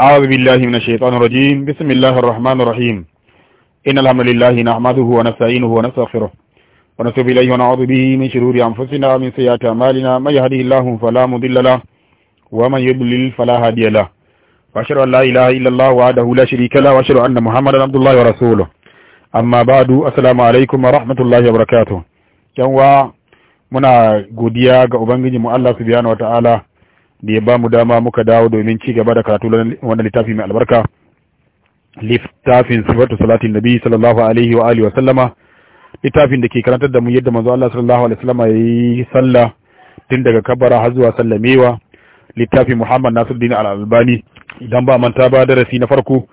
أعوذ بالله من الشيطان الرجيم بسم الله الرحمن الرحيم إن الحمد لله نحمده ونستعينه ونستغفره ونتوب إليه ونعوذ به من شرور أنفسنا ومن سيئات أعمالنا من يهده الله فلا مضل له ومن يضلل فلا هادي له وأشهد أن لا إله إلا الله وحده لا شريك له وأشهد أن محمدا عبد الله ورسوله أما بعد السلام عليكم ورحمة الله وبركاته جوا منا غوديا غوبانجي مو الله سبحانه وتعالى da ya ba mu dama muka dawo domin ci gaba da karatu wannan littafi mai albarka littafin sifatu salatin nabi sallallahu alaihi wa alihi wa sallama littafin da ke karantar da mu yadda manzo Allah sallallahu alaihi wa sallama yayi sallah tun daga kabara har zuwa sallamewa littafin Muhammad Nasiruddin Al-Albani idan ba manta ba darasi na farko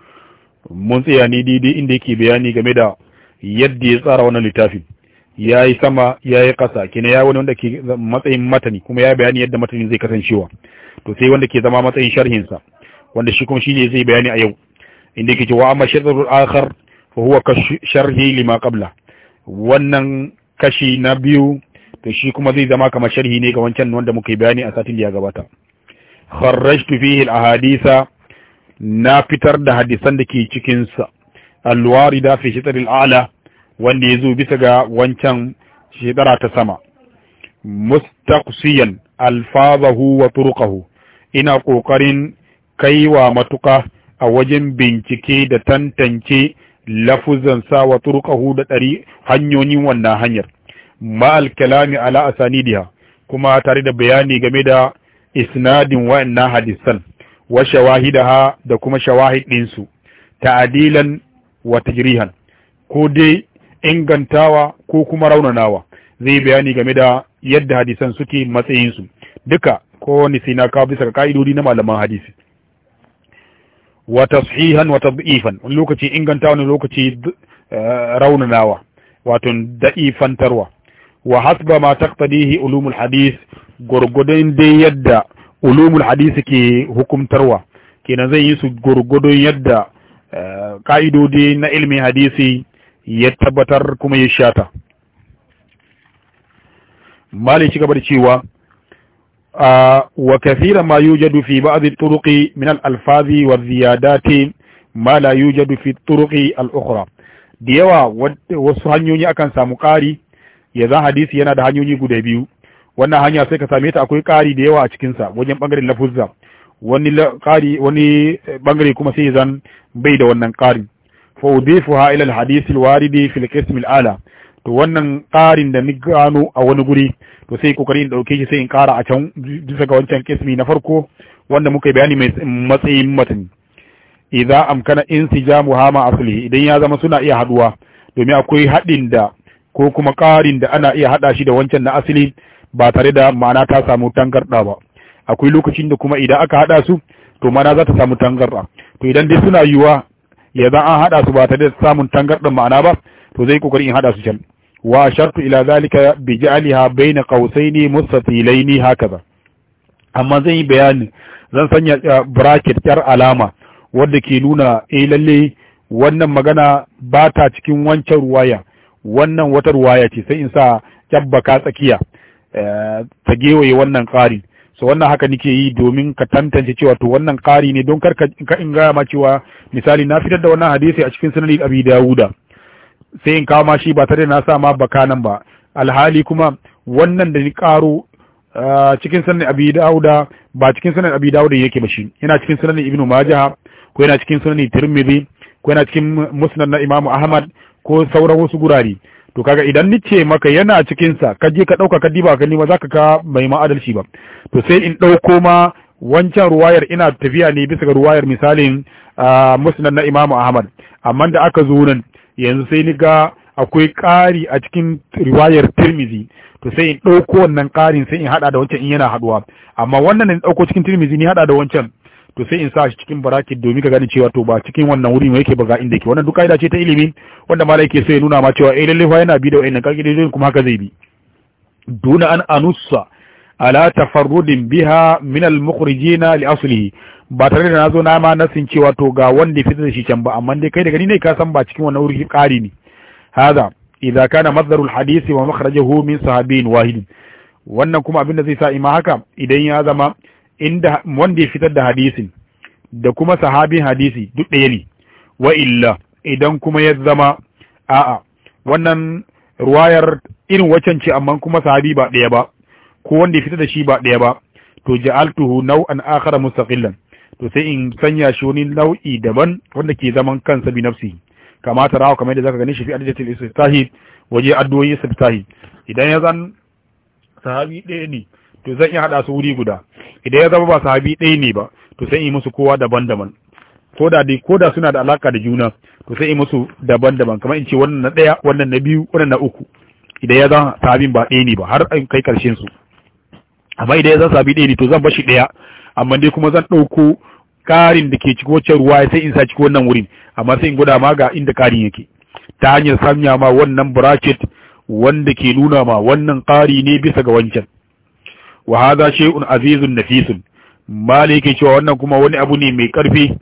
mun tsaya ni didi inda yake bayani game da yadda ya tsara wannan littafin ya yi sama ya yi ƙasa kina ya wani wanda ke matsayin matani kuma ya bayani yadda matani zai kasancewa to sai wanda ke zama matsayin sharhinsa sa wanda shi kuma shine zai bayani a yau inda yake cewa amma sharhul akhar fa huwa ka sharhi lima qabla wannan kashi na biyu to shi kuma zai zama kamar sharhi ne ga wancan wanda muka bayani a satin da ya gabata kharrajtu fihi al-ahadisa na fitar da hadisan da ke cikin sa al-warida fi shitr al-a'la wanda yazo bisa ga wancan shidara ta sama mustaqsiyan alfazahu wa turuqahu ina ƙoƙarin kaiwa matuƙa a wajen bincike da tantance lafuzan sa wa turkahu da ɗari hanyoyin wannan hanyar ma'al kalami ala asanidiha kuma tare da bayani game da isnadin wa'annan hadisan wa shawahidaha da kuma shawahid ɗinsu ta'adilan wa tajrihan ko dai ingantawa ko kuma raunanawa zai bayani game da yadda hadisan suke matsayinsu duka ko ni sai na kawo bisa ga ka'idodi na malaman hadisi wa tashihan wa tad'ifan wani lokaci inganta wani lokaci eh, raunanawa wato da'ifantarwa wa hasba ma taqtadihi ulumul hadis gurgudun dai yadda ulumul hadis ke hukumtarwa kenan zai yi su gurgudun yadda eh, ka'idodi na ilmin hadisi ya tabbatar kuma ya shata mali ci gaba da cewa wa kathira ma yujadu fi ba'd at-turuq min al-alfazi wa ziyadati ma la yujadu fi at-turuq al-ukhra da yawa wasu hanyoyi akan samu ƙari ya zan hadisi yana da hanyoyi guda biyu wannan hanya sai ka same ta akwai ƙari da yawa a cikinsa wajen ɓangaren lafuzza wani bangare kuma sai zan bai da wannan ƙari fa udifuha ila alhadith alwarid fi alqism ala to wannan ƙarin da ni gano a wani guri to sai kokarin dauke shi sai in kara a can bisa ga wancan kismi na farko wanda muka bayani mai matsayin matan idza amkana insijamu hama asli idan ya zama suna iya haduwa domin akwai hadin da ko kuma karin da ana iya hada shi da wancan na asali ba tare da ma'ana ta samu tangarda ba akwai lokacin da kuma idan aka hada su to ma'ana za ta samu tangarda to idan dai suna yiwa ya za an hada su ba tare da samun tangarda ma'ana ba to zai kokarin in hada su can wa ashartu ila zalika biji aliha baina kausai ne qausaini mustatilaini hakaza amma zan yi bayani zan sanya bracket yar alama wadda ke nuna eh lalle wannan magana ba ta cikin wancan ruwaya wannan wata ruwaya ce sai in sa kyabbaka tsakiya ta gewaye wannan ƙari so wannan haka nike yi domin ka tantance cewa to wannan ƙari ne don kar ka in gaya ma cewa misali na fitar da wannan hadisi a cikin sunan abi dawuda sai in kawo ma shi ba tare na sa ma bakanan ba alhali kuma wannan da ni karo cikin sanin abi dauda ba cikin sanin abi dauda yake ba shi yana cikin sanin ibnu majah ko yana cikin sanin tirmidhi ko yana cikin musnad na imam ahmad ko sauran wasu gurare to kaga idan ni ce maka yana cikin sa ka je ka dauka ka diba ka nima zaka ka mai ma adalci ba to sai in dauko ma wancan ruwayar ina tafiya ne bisa ga ruwayar misalin musnad na imam ahmad amma da aka zo nan yanzu sai ni ga akwai ƙari a cikin riwayar tirmizi to sai in ɗauko wannan ƙarin sai in haɗa da wancan in yana haɗuwa amma wannan da in ɗauko cikin tirmizi ni haɗa da wancan to sai in sa shi cikin barakit domin ka gani cewa to ba cikin wannan wuri yake ba ga inda yake wannan duk kaida ce ta ilimi wanda malai yake so ya nuna ma cewa eh lalle fa yana bi da wayannan kaidojin kuma haka zai bi duna an anussa ala tafarrudin biha min al mukhrijina li aslihi ba tare da na zo na ma nasin cewa to ga wanda fitar da shi can ba amma dai kai da gani ne ka san ba cikin wannan wuri ƙari ne hada idza kana masdaru alhadisi wa makhrajahu min sahabin wahid wannan kuma abin da zai sa ima haka idan ya zama inda wanda fitar da hadisin da kuma sahabin hadisi duk ɗaya ne wa illa idan kuma ya zama a'a wannan ruwayar irin wacan ce amma kuma sahabi ba ɗaya ba ko wanda ya fitar da shi ba ɗaya ba to ja'altuhu nau'an akhara mustaqillan to sai in sanya shi wani nau'i daban wanda ke zaman kansa bi nafsi kama ta rawa kamar yadda zaka gani shi fi addatul istitahi waje addu'o'i istitahi idan ya zan sahabi ɗaya ne to zan iya hada su wuri guda idan ya zama ba sahabi ɗaya ne ba to sai in musu kowa daban-daban ko da dai ko da suna da alaka da juna to sai in musu daban-daban kamar in ce wannan na ɗaya wannan na biyu wannan na uku idan ya zan sahabin ba ɗaya ne ba har in kai karshen su amma idan ya zan sahabi ɗaya ne to zan bashi ɗaya amma dai kuma zan ɗauko ƙarin da ke cikin wacce ruwa sai in sa ciki wannan wurin amma sai in gwada ma ga inda ƙarin yake ta hanyar sanya ma wannan bracket wanda ke nuna ma wannan ƙari ne bisa ga wancan wa hadha shay'un azizun nafisun mali yake cewa wannan kuma wani abu ne mai ƙarfi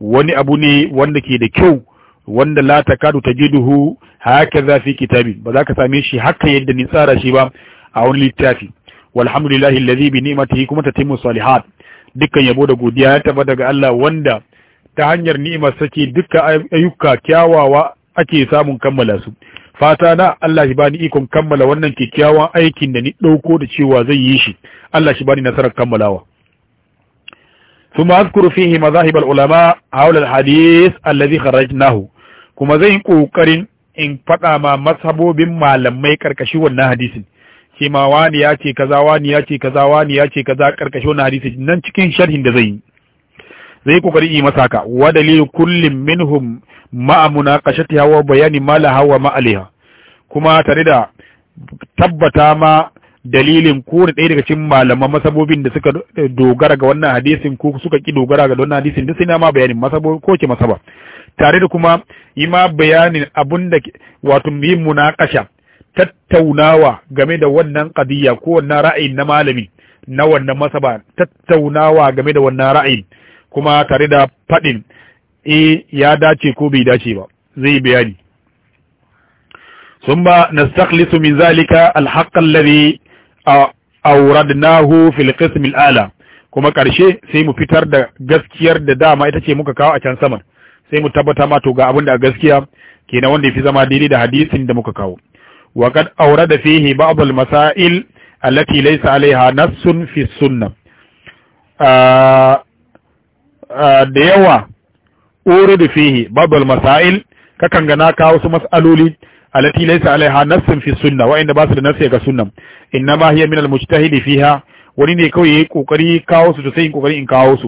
wani abu ne wanda ke da kyau wanda la takadu tajiduhu hakaza fi kitabi ba za ka same shi haka yadda ni tsara shi ba a wani littafi walhamdulillahi allazi bi ni'matihi kuma tatimmu salihat dukkan yabo da godiya ya taba daga Allah wanda ta hanyar ni'imar sake dukkan ayyuka kyawawa ake samun kammala su fata na Allah shi bani ikon kammala wannan kyakkyawan aikin da ni dauko da cewa zai yi shi Allah shi bani nasarar kammalawa ثم أذكر فيه مذاهب العلماء حول الحديث الذي kuma كما yi قوكرين in faɗa ma masabobin malamai karkashi wannan hadisin ce ma wani ya ce kaza wani ya ce kaza wani ya ce kaza karkashe wannan hadisi nan cikin sharhin da zai zai kokari yi masa ka wa dalil kullin minhum ma'a munaqashatiha wa bayani ma la hawa ma alaiha kuma tare da tabbata ma dalilin ko da ɗaya daga cikin malaman masabobin da suka dogara ga wannan hadisin ko suka ki dogara ga wannan hadisin duk sai na ma bayanin masabo ko ke masaba tare da kuma yi ma bayanin abun da wato yin munakasha tattaunawa game da wannan qadiyya ko wannan ra'ayin na malami na wannan masaba tattaunawa game da wannan ra'ayin kuma tare da faɗin e ya dace ko bai dace ba zai bayani ثم نستخلص من ذلك الحق الذي أوردناه في القسم ala kuma ƙarshe sai mu fitar da gaskiyar da dama ita ce muka kawo a can saman sai mu tabbata ma to ga abin da gaskiya kenan wanda ya fi zama daidai da hadisin da muka kawo وقد أورد فيه بعض المسائل التي ليس عليها نص في السنة ديوة أورد فيه بعض المسائل ككن جناكا وسمس ألولي التي ليس عليها نص في السنة وإن باسل نص كسنة إنما هي من المجتهد فيها ولن ne kawai كاوس yi كوكري إن كاوس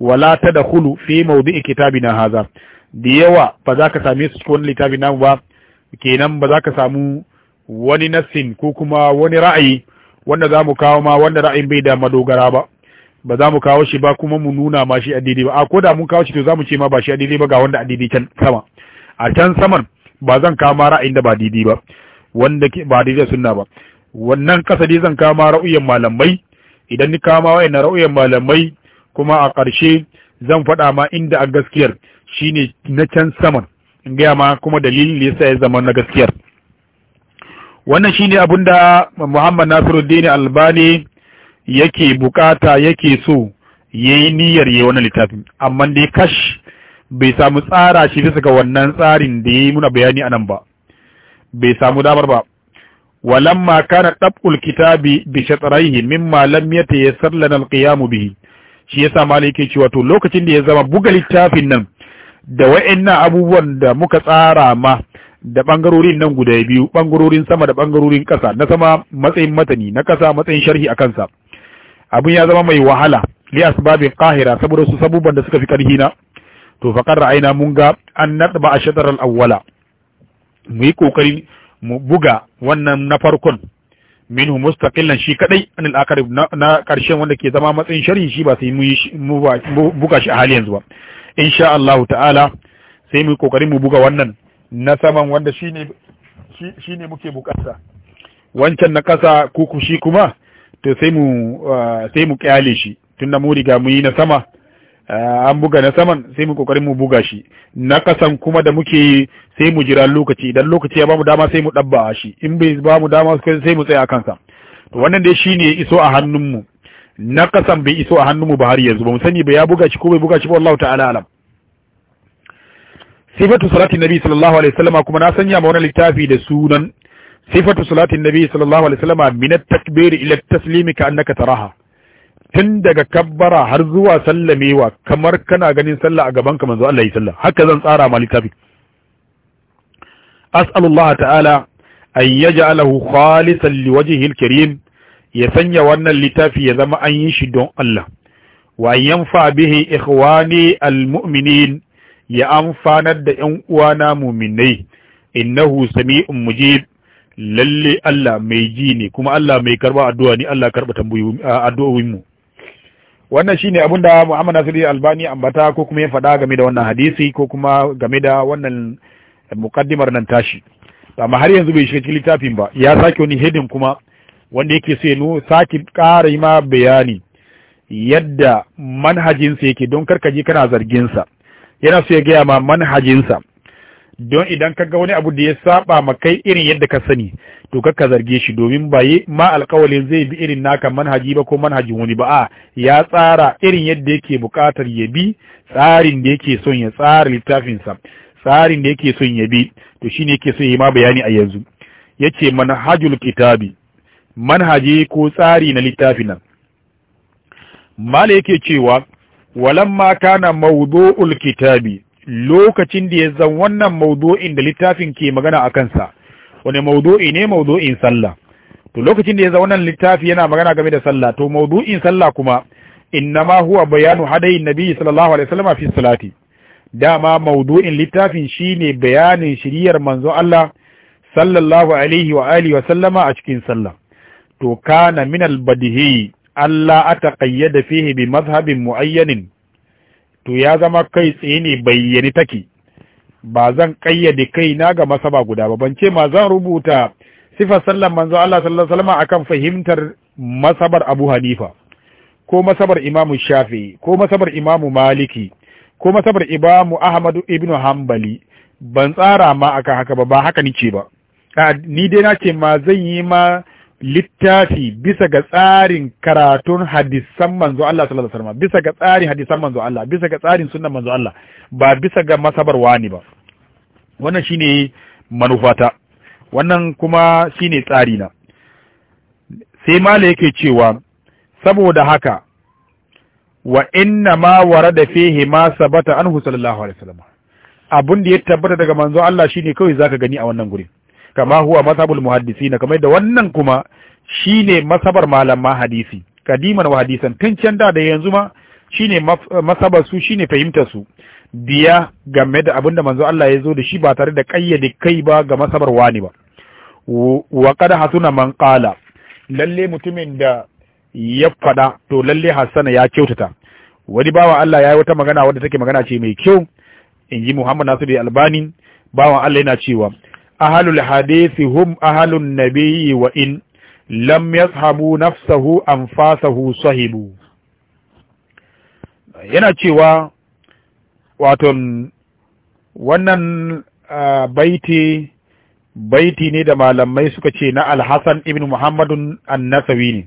ولا تدخل في موضع كتابنا هذا ديوة da ساميس كون لتابنا وكينام na haza wani nassin ko kuma wani ra'ayi wanda za mu kawo ma wanda ra'ayin bai da madogara ba ba za mu kawo shi ba kuma mu nuna ma shi addini ba a ko da mun kawo shi to za mu ce ma ba shi addini ba ga wanda addini can sama a can saman ba zan kawo ma ra'ayin da ba didi ba wanda ba didi sunna ba wannan kasa dai zan kawo ma ra'ayin malamai idan ni kawo ma wayannan ra'ayin malamai kuma a ƙarshe zan faɗa ma inda a gaskiyar shine na can saman in gaya ma kuma dalilin da yasa ya zama na gaskiyar wannan shine abin da Muhammad Nasiruddin Albani yake bukata yake so yayi niyyar yayi wannan littafin amma dai kash bai samu tsara shi bisa ga wannan tsarin da yayi muna bayani anan ba bai samu damar ba walamma kana dabul kitabi bi shatraihi mimma lam yatayassar lana alqiyam bihi shi yasa malai yake cewa to lokacin da ya zama buga littafin nan da wa'annan abubuwan da muka tsara ma da ɓangarorin nan guda biyu ɓangarorin sama da ɓangarorin ƙasa na sama matsayin matani na ƙasa matsayin sharhi a kansa abin ya zama mai wahala li asbabin qahira saboda su sabuban da suka fi karhi na to fa qarra aina mun ga an nadba ashatar al-awwala mu yi kokari mu buga wannan na farkon minhu mustaqillan shi kadai anil akari na karshen wanda ke zama matsayin sharhi shi ba sai mu buga shi a hali yanzu ba insha Allah ta'ala sai mu kokari mu buga wannan na saman wanda shi ne muke bukata wancan na kasa kuku shi kuma to uh, sai mu kyale shi tun da muriga mu yi na sama uh, an buga na saman sai mu kokarin mu buga shi na kasan kuma da muke yi sai mu jira lokaci idan lokaci ya ba mu dama sai mu ɗabba a shi in bai ba mu dama sai mu a kansa to wannan dai shi ne iso a hannunmu na kasan bai iso a hannunmu ba har yanzu ba mu sani ba ya buga shi ko bai buga shi ba Allah ta'ala alam sifatu salatin nabi sallallahu alaihi wasallam kuma na sanya ma wani littafi da sunan sifatu salatin nabi sallallahu alaihi wasallam min at-takbir ila at-taslim ka annaka taraha tun daga kabbara har zuwa sallamewa kamar kana ganin sallah a gaban ka manzo Allah ya sallah haka zan tsara ma littafi as'alullah ta'ala an yaj'alahu khalisan liwajhihil karim ya sanya wannan littafi ya zama an yi shi don Allah wa yanfa bihi ikhwani almu'minin ya amfanar da ‘yan uwana muminai, innahu sami'un mujib lalle Allah mai ji ne, kuma Allah mai karba addu'a ne, Allah karba addu'o'inmu. Wannan shi ne abin da Muhammad Nasiru Albani ambata ko kuma ya faɗa game da wannan hadisi ko kuma game da wannan muƙaddimar nan tashi. Amma har yanzu bai shiga cikin littafin ba, ya sake wani hedin kuma wanda yake sai nu sake ƙara ma bayani yadda manhajinsa yake don karkaji kana zarginsa. yana so ya gaya ma manhajinsa don idan ka ga wani abu da ya saba ma kai irin yadda ka sani to ka zarge shi domin ba yi ma alkawalin zai bi irin naka manhaji ba ko manhajin wani ba a ya tsara irin yadda yake bukatar ya bi tsarin da yake son ya tsara littafinsa tsarin da yake son ya bi to shine yake so yi ma bayani a yanzu yace manhajul kitabi manhaji ko tsari na littafin nan mala yake cewa walamma kana mawdu'ul kitabi lokacin da ya zan wannan mawdu'in da littafin ke magana a kansa wani mawdu'i ne mawdu'in sallah to lokacin da ya zan wannan littafi yana magana game da sallah to mawdu'in sallah kuma innama huwa bayanu hadayin nabi sallallahu alaihi wasallam fi salati dama mawdu'in littafin shine bayanin shiriyar manzo Allah sallallahu alaihi wa alihi wa sallama a cikin sallah to kana min al-badihi Allah ata qayyada fihi bi mazhabin muayyanin to ya zama kai tsaye ne bayyane take ba zan kayyade na ga masaba guda ba ban ce ma zan rubuta sifar sallan manzo Allah sallallahu alaihi wasallam akan fahimtar masabar Abu Hanifa ko masabar Imam Shafi'i ko masabar Imam Maliki ko masabar imamu Ahmadu ibn Hanbali ban tsara ma akan haka ba ba haka ce ba ni dai na ce ma zan yi ma littafi bisa ga tsarin karatun hadisan manzo Allah sallallahu alaihi wasallam bisa ga tsarin hadisan manzo Allah bisa ga tsarin sunnan manzo Allah ba bisa ga masabar wani ba wannan shine manufata wannan kuma shine tsari na sai mala yake cewa saboda haka wa inna ma warada fihi ma sabata anhu sallallahu alaihi wasallam abun da ya tabbata daga manzo Allah shine kawai zaka gani a wannan gurin kama huwa muhaddisi muhaddisin kamar da wannan kuma shine masabar malama hadisi kadiman wa hadisan tun can da da yanzu ma shine masabar su shine fahimtar su biya game da abinda manzo Allah ya zo da shi ba tare da kayyade kai ba ga masabar wani ba wa qad hasuna man qala lalle mutumin da ya fada to lalle hasana ya kyautata wani bawa Allah ya yi wata magana wadda take magana ce mai kyau in ji Muhammad Nasiru Albani bawan Allah yana cewa ahalul hadisi hum ahalun nabiyyi wa in lam yashabu nafsahu anfasahu sahibu yana cewa waton wannan baiti baiti ne da malamai suka ce na alhassan ibn muhammadun annasawi ne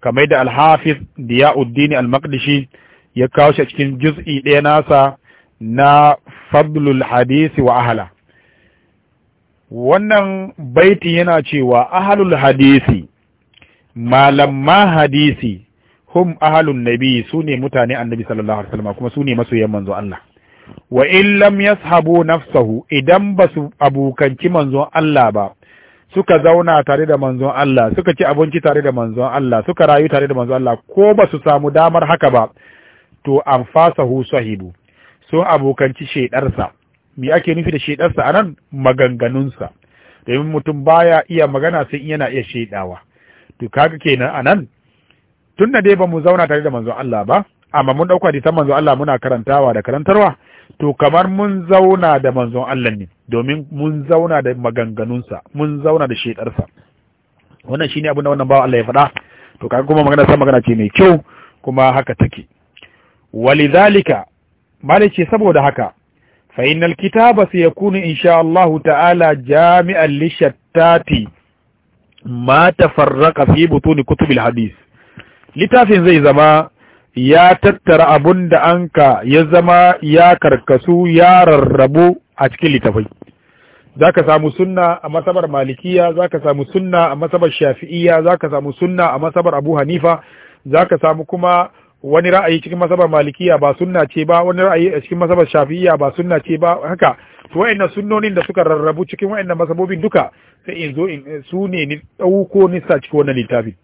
kamar da alhafiz diya'uddini al-maqdishi ya kawo shi cikin juz'i ɗaya nasa na fadlul hadisi wa ahala wannan baitin yana cewa ahalul hadisi malamma hadisi hum ahalun nabi su ne mutane annabi sallallahu alaihi wasallam kuma su ne masoyan manzo Allah wa in lam yashabu nafsahu idan basu abokanci abukanci manzon Allah ba suka zauna tare da manzon Allah suka ci abinci tare da manzon Allah suka rayu tare da manzon Allah ko basu samu damar haka ba to an sahibu sun abokanci shedarsa me ake nufi da shaidarsa a nan maganganunsa domin mutum baya iya magana sai yana iya shaidawa. to kaga kenan a nan tun da dai ba mu zauna tare da manzon Allah ba amma mun dauka da manzon Allah muna karantawa da karantarwa to kamar mun zauna da manzon Allah ne domin mun zauna da maganganunsa mun zauna da shaidarsa. wannan shine abin da wannan bawa Allah ya faɗa to kaga kuma magana sa magana ce mai kyau kuma haka take walizalika malice saboda haka فإن الكتاب سيكون إن شاء الله تعالى جامعا لشتات ما تفرق في بطون كتب الحديث littafin zai zama ya tattara abun da anka ya zama ya karkasu ya rarrabu a cikin littafai zaka samu sunna a masabar malikiya zaka samu sunna a masabar shafi'iya zaka samu sunna a masabar abu hanifa zaka samu kuma wani ra'ayi cikin masabar malikiya ba sunna ce ba wani ra'ayi a cikin masabar shafi'iya ba sunna ce ba haka to wa'annan sunnonin da suka rarrabu cikin wa'annan masabobin duka sai in zo in su ne ni dauko ni sa cikin wannan littafin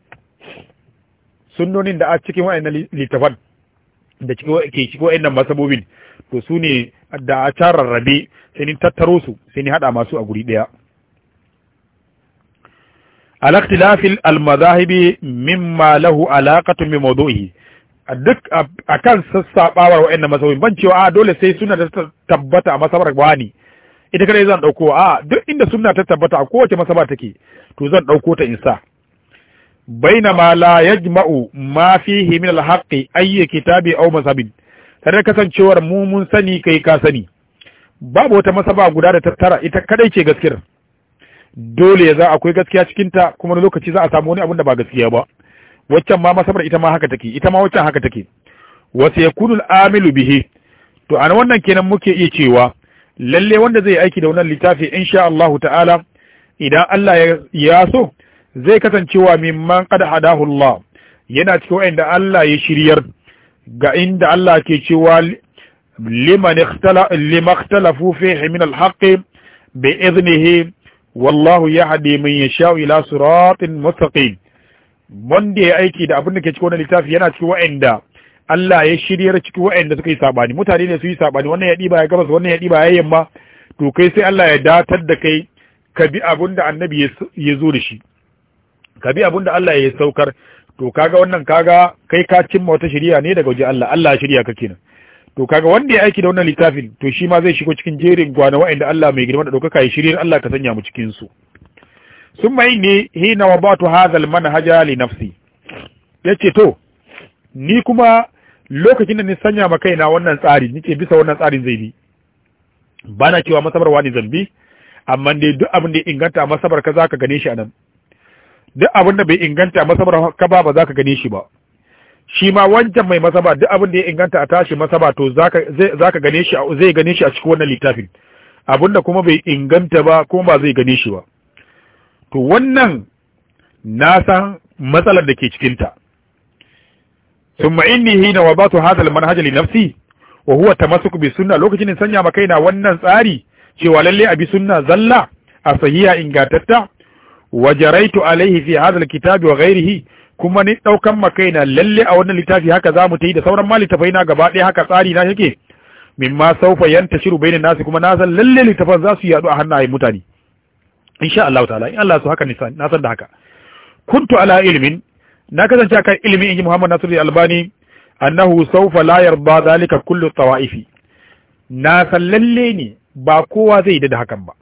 sunnonin da a cikin wa'annan littafan da ke cikin wa'in masabobin to su ne da a ta rarrabe sai ni tattaro su sai ni hada masu a guri daya al-ikhtilaf al-madhahibi mimma lahu alaqatun bi mawdu'ihi a duk a kan sassaɓawar wa'annan masauyin ban cewa a ah, dole sai suna ta tabbata a masabar ne ita kadai zan ɗauko a ah, duk inda suna ta tabbata a kowace masaba take to zan ɗauko ta insa ma la yajma'u ma fihi min al-haqqi ayyi kitabi aw masabin tare kasancewar mu mun sani kai ka sani babu wata masaba guda da tattara ita kadai ce gaskiyar dole ya za akwai gaskiya cikinta kuma lokaci za a samu wani abin da ba gaskiya ba waccan ma masabar ita ma haka take ita ma waccan haka take wa sayakunu amilu bihi to an wannan kenan muke iya cewa lalle wanda zai aiki da wannan littafi insha Allah ta'ala idan Allah ya so zai kasancewa mimman qad hadahu Allah yana cikin wanda Allah ya shiryar ga inda Allah ke cewa liman ikhtalafu fihi min al-haqq bi idnihi wallahu yahdi man yasha ila siratin mustaqim wanda ya aiki da abin da ke cikin wannan littafi yana cikin wa'anda Allah ya shiryar cikin wa'anda suka yi sabani mutane ne su yi sabani wannan ya diba ya gabas wannan ya diba ya yamma to kai sai Allah ya datar da kai ka bi abin da annabi ya zo da shi ka bi abin da Allah ya saukar to kaga wannan kaga kai ka cimma wata shiriya ne daga wajen Allah Allah ya shirya ka kenan to kaga wanda ya aiki da wannan littafin to shi ma zai shigo cikin jerin gwana wa'anda Allah mai girma da ɗaukaka ya shiryar Allah ka sanya mu cikin su mai inni hina wadatu hadha almanhaja li nafsi yace to ni kuma lokacin da ni sanya ma kaina wannan tsari ce bisa wannan tsarin zai bi bana cewa masabarwa ne zambi amma dai duk abin da ya inganta a masabar ka zaka gane shi anan duk abin da bai inganta a masabar ka ba ba zaka gane shi ba shi ma wancan mai masaba duk abin da ya inganta a tashi masaba to zaka zaka gane shi zai gane shi a cikin wannan littafin abin da kuma bai inganta ba kuma ba zai gane shi ba to wannan na san matsalar da ke cikinta summa inni hina wa batu hadha almanhaj li nafsi wa huwa masu bi sunna lokacin in sanya maka ina wannan tsari cewa lalle bi sunna zalla a sahiha ingatatta wa jaraitu alaihi fi hadha alkitabi wa ghairihi kuma ni daukan maka ina lalle a wannan littafi haka zamu ta yi da sauran ma littafai na gaba ɗaya haka tsari na yake mimma saufa yantashiru bainan nasi kuma na san lalle littafan za su yadu a hannaye mutane insha Allah ta'ala in Allah su haka nisan na san da haka kuntu ala ilmin na kasance akan ilmi in ji Muhammad Nasiru Albani annahu sawfa la yarda zalika kullu tawaifi na san lalle ne ba kowa zai yarda da hakan ba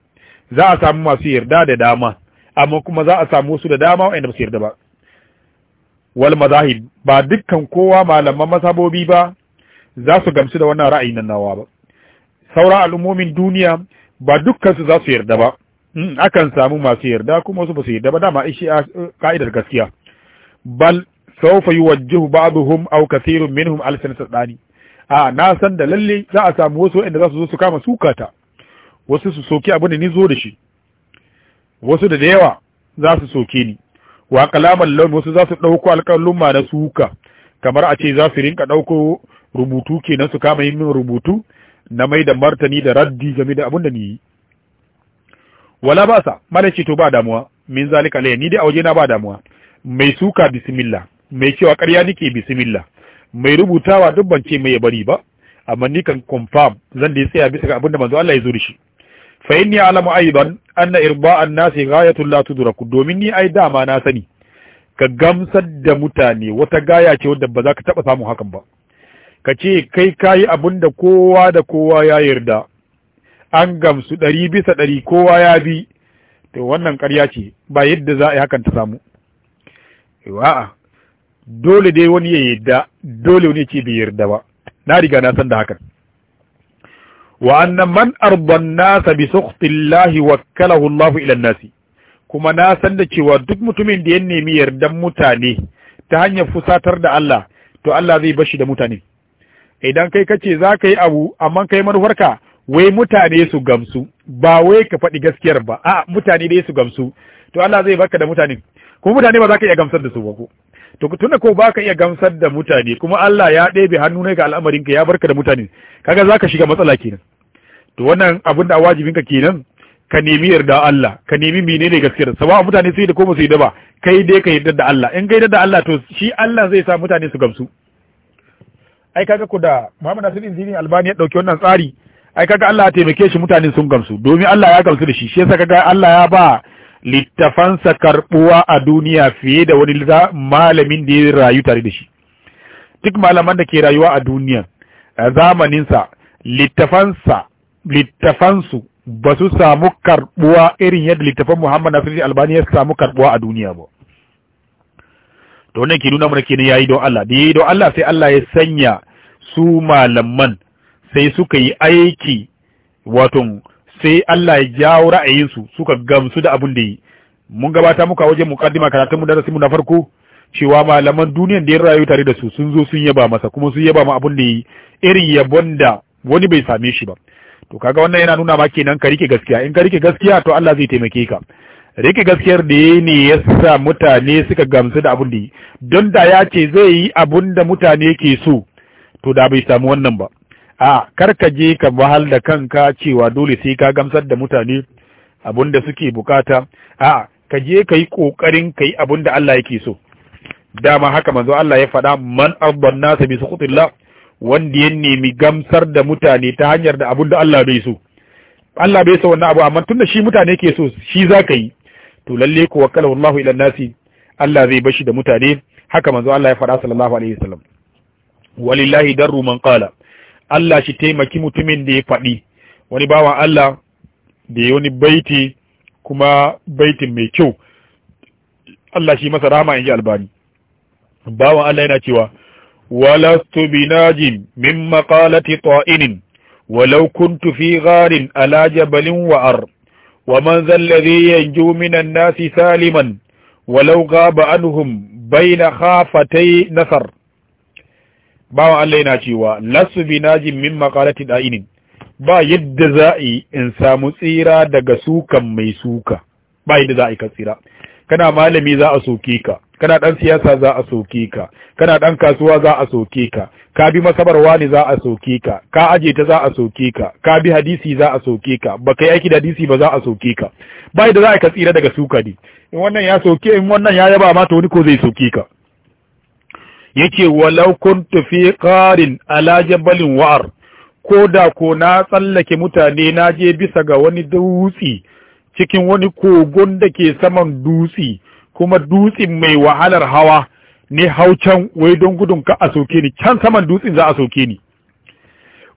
za a samu masu yarda da dama amma kuma za a samu su da dama wa'anda ba su yarda ba wal mazahib ba dukkan kowa malaman masabobi ba za su gamsu da wannan ra'ayin nan nawa ba sauran al'ummomin duniya ba dukkan su za su yarda ba Hmm, akan samu masu yarda kuma wasu ba su yarda ba dama ishi a eh, ka'idar gaskiya bal ba yuwajjihu ba'dhum aw kathirun minhum alsanat dani a na san da lalle za a samu wasu wanda za su zo su kama sukata wasu su soki abu da ni zo da shi wasu da yawa za su soke ni wa kalaman launi wasu za su ɗauko ma na suka kamar a ce za su rinka ɗauko rubutu kenan su kama yin rubutu na mai da martani da raddi game da abunda da ni yi wala ba sa malaci to ba damuwa min zalika lai ni dai a na ba damuwa mai suka bismillah mai cewa ƙarya nike bismillah mai rubutawa duk ban ce mai bari ba amma ni kan confirm zan dai tsaya bisa ga abinda manzo Allah ya zo da shi fa inni a'lamu aidan anna irba'an nasi ghayatul la tudrak domin ni ai dama na sani ka gamsar da mutane wata gaya ce wadda ba za ka taba samu hakan ba ka ce kai kayi abin da kowa da kowa ya yarda an gamsu ɗari bisa ɗari kowa ya bi to wannan ƙarya ce ba yadda za a yi hakan ta samu wa'a dole dai wani ya yarda dole wani ya ce bai yarda ba na riga na san da hakan wa annan man arban nasa bi sukhtillahi wakkalahu Allahu ila nasi kuma na san da cewa duk mutumin da ya nemi yardan mutane ta hanyar fusatar da Allah to Allah zai bashi da mutane idan kai kace za ka yi abu amma kai manufarka wai mutane su gamsu ba wai ka faɗi gaskiyar ba a mutane dai su gamsu to Allah zai baka da mutane kuma mutane ba za ka iya gamsar da su ba ko to tunda ko ba ka iya gamsar da mutane kuma Allah ya ɗebe hannu ne ga al'amarin ka ya barka da mutane kaga za ka shiga matsala kenan to wannan abin da wajibin ka kenan ka nemi yarda Allah ka nemi menene gaskiyar sawa mutane su yi da ko ba su yi ba kai dai ka yarda da Allah in ka yarda da Allah to shi Allah zai sa mutane su gamsu ai kaga ku da Muhammad Nasiruddin Albani ya dauki wannan tsari ai kaga Allah ya taimake shi mutane sun gamsu domin Allah ya gamsu da shi shi yasa kaga Allah ya ba littafansa karbuwa a duniya fiye da wani malamin da ya rayu tare da shi duk malaman da ke rayuwa a duniya a zamaninsa littafansa littafansu ba su samu karbuwa irin yadda littafan Muhammad Nasiru Albani ya samu karbuwa a duniya ba to wannan ke nuna mana kenan yayi don Allah da yayi don Allah sai Allah ya sanya su malaman sai suka yi aiki wato sai Allah ya jawo ra'ayinsu suka gamsu da abin da yi mun gabata muka wajen mukaddima karatun mu darasi mu na farko cewa malaman duniyan da ya rayu tare da su sun zo sun yaba masa kuma sun yaba ma abin da yi irin yabon da wani bai same shi ba to kaga wannan yana nuna ma kenan ka rike gaskiya in ka rike gaskiya to Allah zai taimake ka rike gaskiyar da ya ne ya mutane suka gamsu da abin da yi don da ya ce zai yi abun da mutane ke so to da bai samu wannan ba a karka je ka bahal da kanka cewa dole sai ka gamsar da mutane abun da suke bukata a ka je ka yi kokarin ka yi abun da Allah yake so dama haka manzo Allah ya faɗa man ardan nasa bi sukutillah wanda ya nemi gamsar da mutane ta hanyar da abun da Allah bai so Allah bai so wannan abu amma tunda shi mutane ke so shi za ka yi to lalle ku wakala wallahu ila nasi Allah zai bashi da mutane haka manzo Allah ya faɗa sallallahu alaihi wasallam walillahi darru man qala Allah shi taimaki mutumin da ya faɗi wani bawan Allah da ya wani baiti kuma baitin mai kyau Allah shi masa rama in ji albani bawan Allah yana cewa walastu min makalati ta'inin walau kun tufi gharin ala jabalin wa'ar wa man zalladhi yanju minan nasi saliman walau ghaba anhum bayna hafatai nasar bawan Allah yana cewa lasu bi najin min maqalati da'inin ba yadda za'i in samu tsira daga sukan mai suka ba yadda za'i ka tsira kana malami za a soke ka kana dan siyasa za a soke ka kana dan kasuwa za a soke ka ka bi masabarwa ne za a soke ka ka aje ta za a soke ka ka bi hadisi za a soke ka ba kai aiki da hadisi ba za a soke ka ba yadda za'i ka tsira daga suka ne in wannan ya soke in wannan ya yaba ma to wani ko zai soke ka Yake walau kuntu fi qarin ala jabalin wa'ar ko da ko na tsallake mutane na je bisa ga wani dutsi cikin wani kogon da ke saman dutsi kuma dutsi mai wahalar hawa ne hau can wai don gudun ka a soke ni can saman dutsin za a soke ni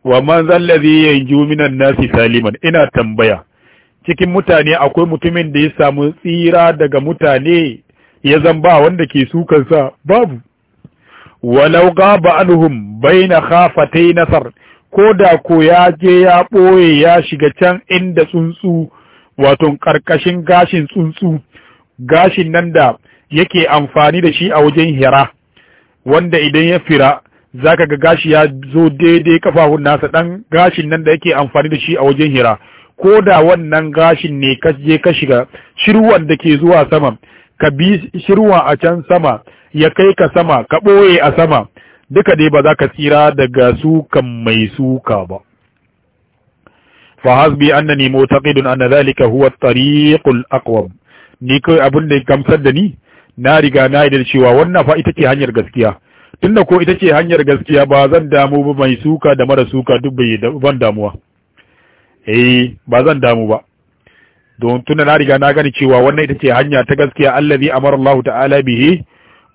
wa man zallazi yanju minan nasi saliman ina tambaya cikin mutane akwai mutumin da ya samu tsira daga mutane ya zamba wanda ke sukansa babu walau gaba anhum baina yi nasar ko da ko ya je ya ɓoye ya shiga can inda tsuntsu wato ƙarƙashin gashin tsuntsu gashin nan da yake amfani da shi a wajen hira wanda idan ya fira za ka ga gashi ya zo daidai kafafun nasa ɗan gashin nan da yake amfani da shi a wajen hira ko da wannan gashin ne ka je ka shiga shirwan da ke zuwa sama ka bi shirwa a can sama ya kai ka sama ka ɓoye a sama duka dai ba za ka tsira daga sukan mai suka ba fa hasbi annani mu'taqidun anna dhalika huwa at-tariqul aqwam ni kai abin da gamsar da ni na riga na yi cewa wannan fa ita ce hanyar gaskiya tunda ko ita ce hanyar gaskiya ba zan damu ba mai suka da mara suka duk bai yi ban damuwa eh ba zan damu ba don tunda na riga na gani cewa wannan ita ce hanya ta gaskiya Allah allazi amara Allah ta'ala bihi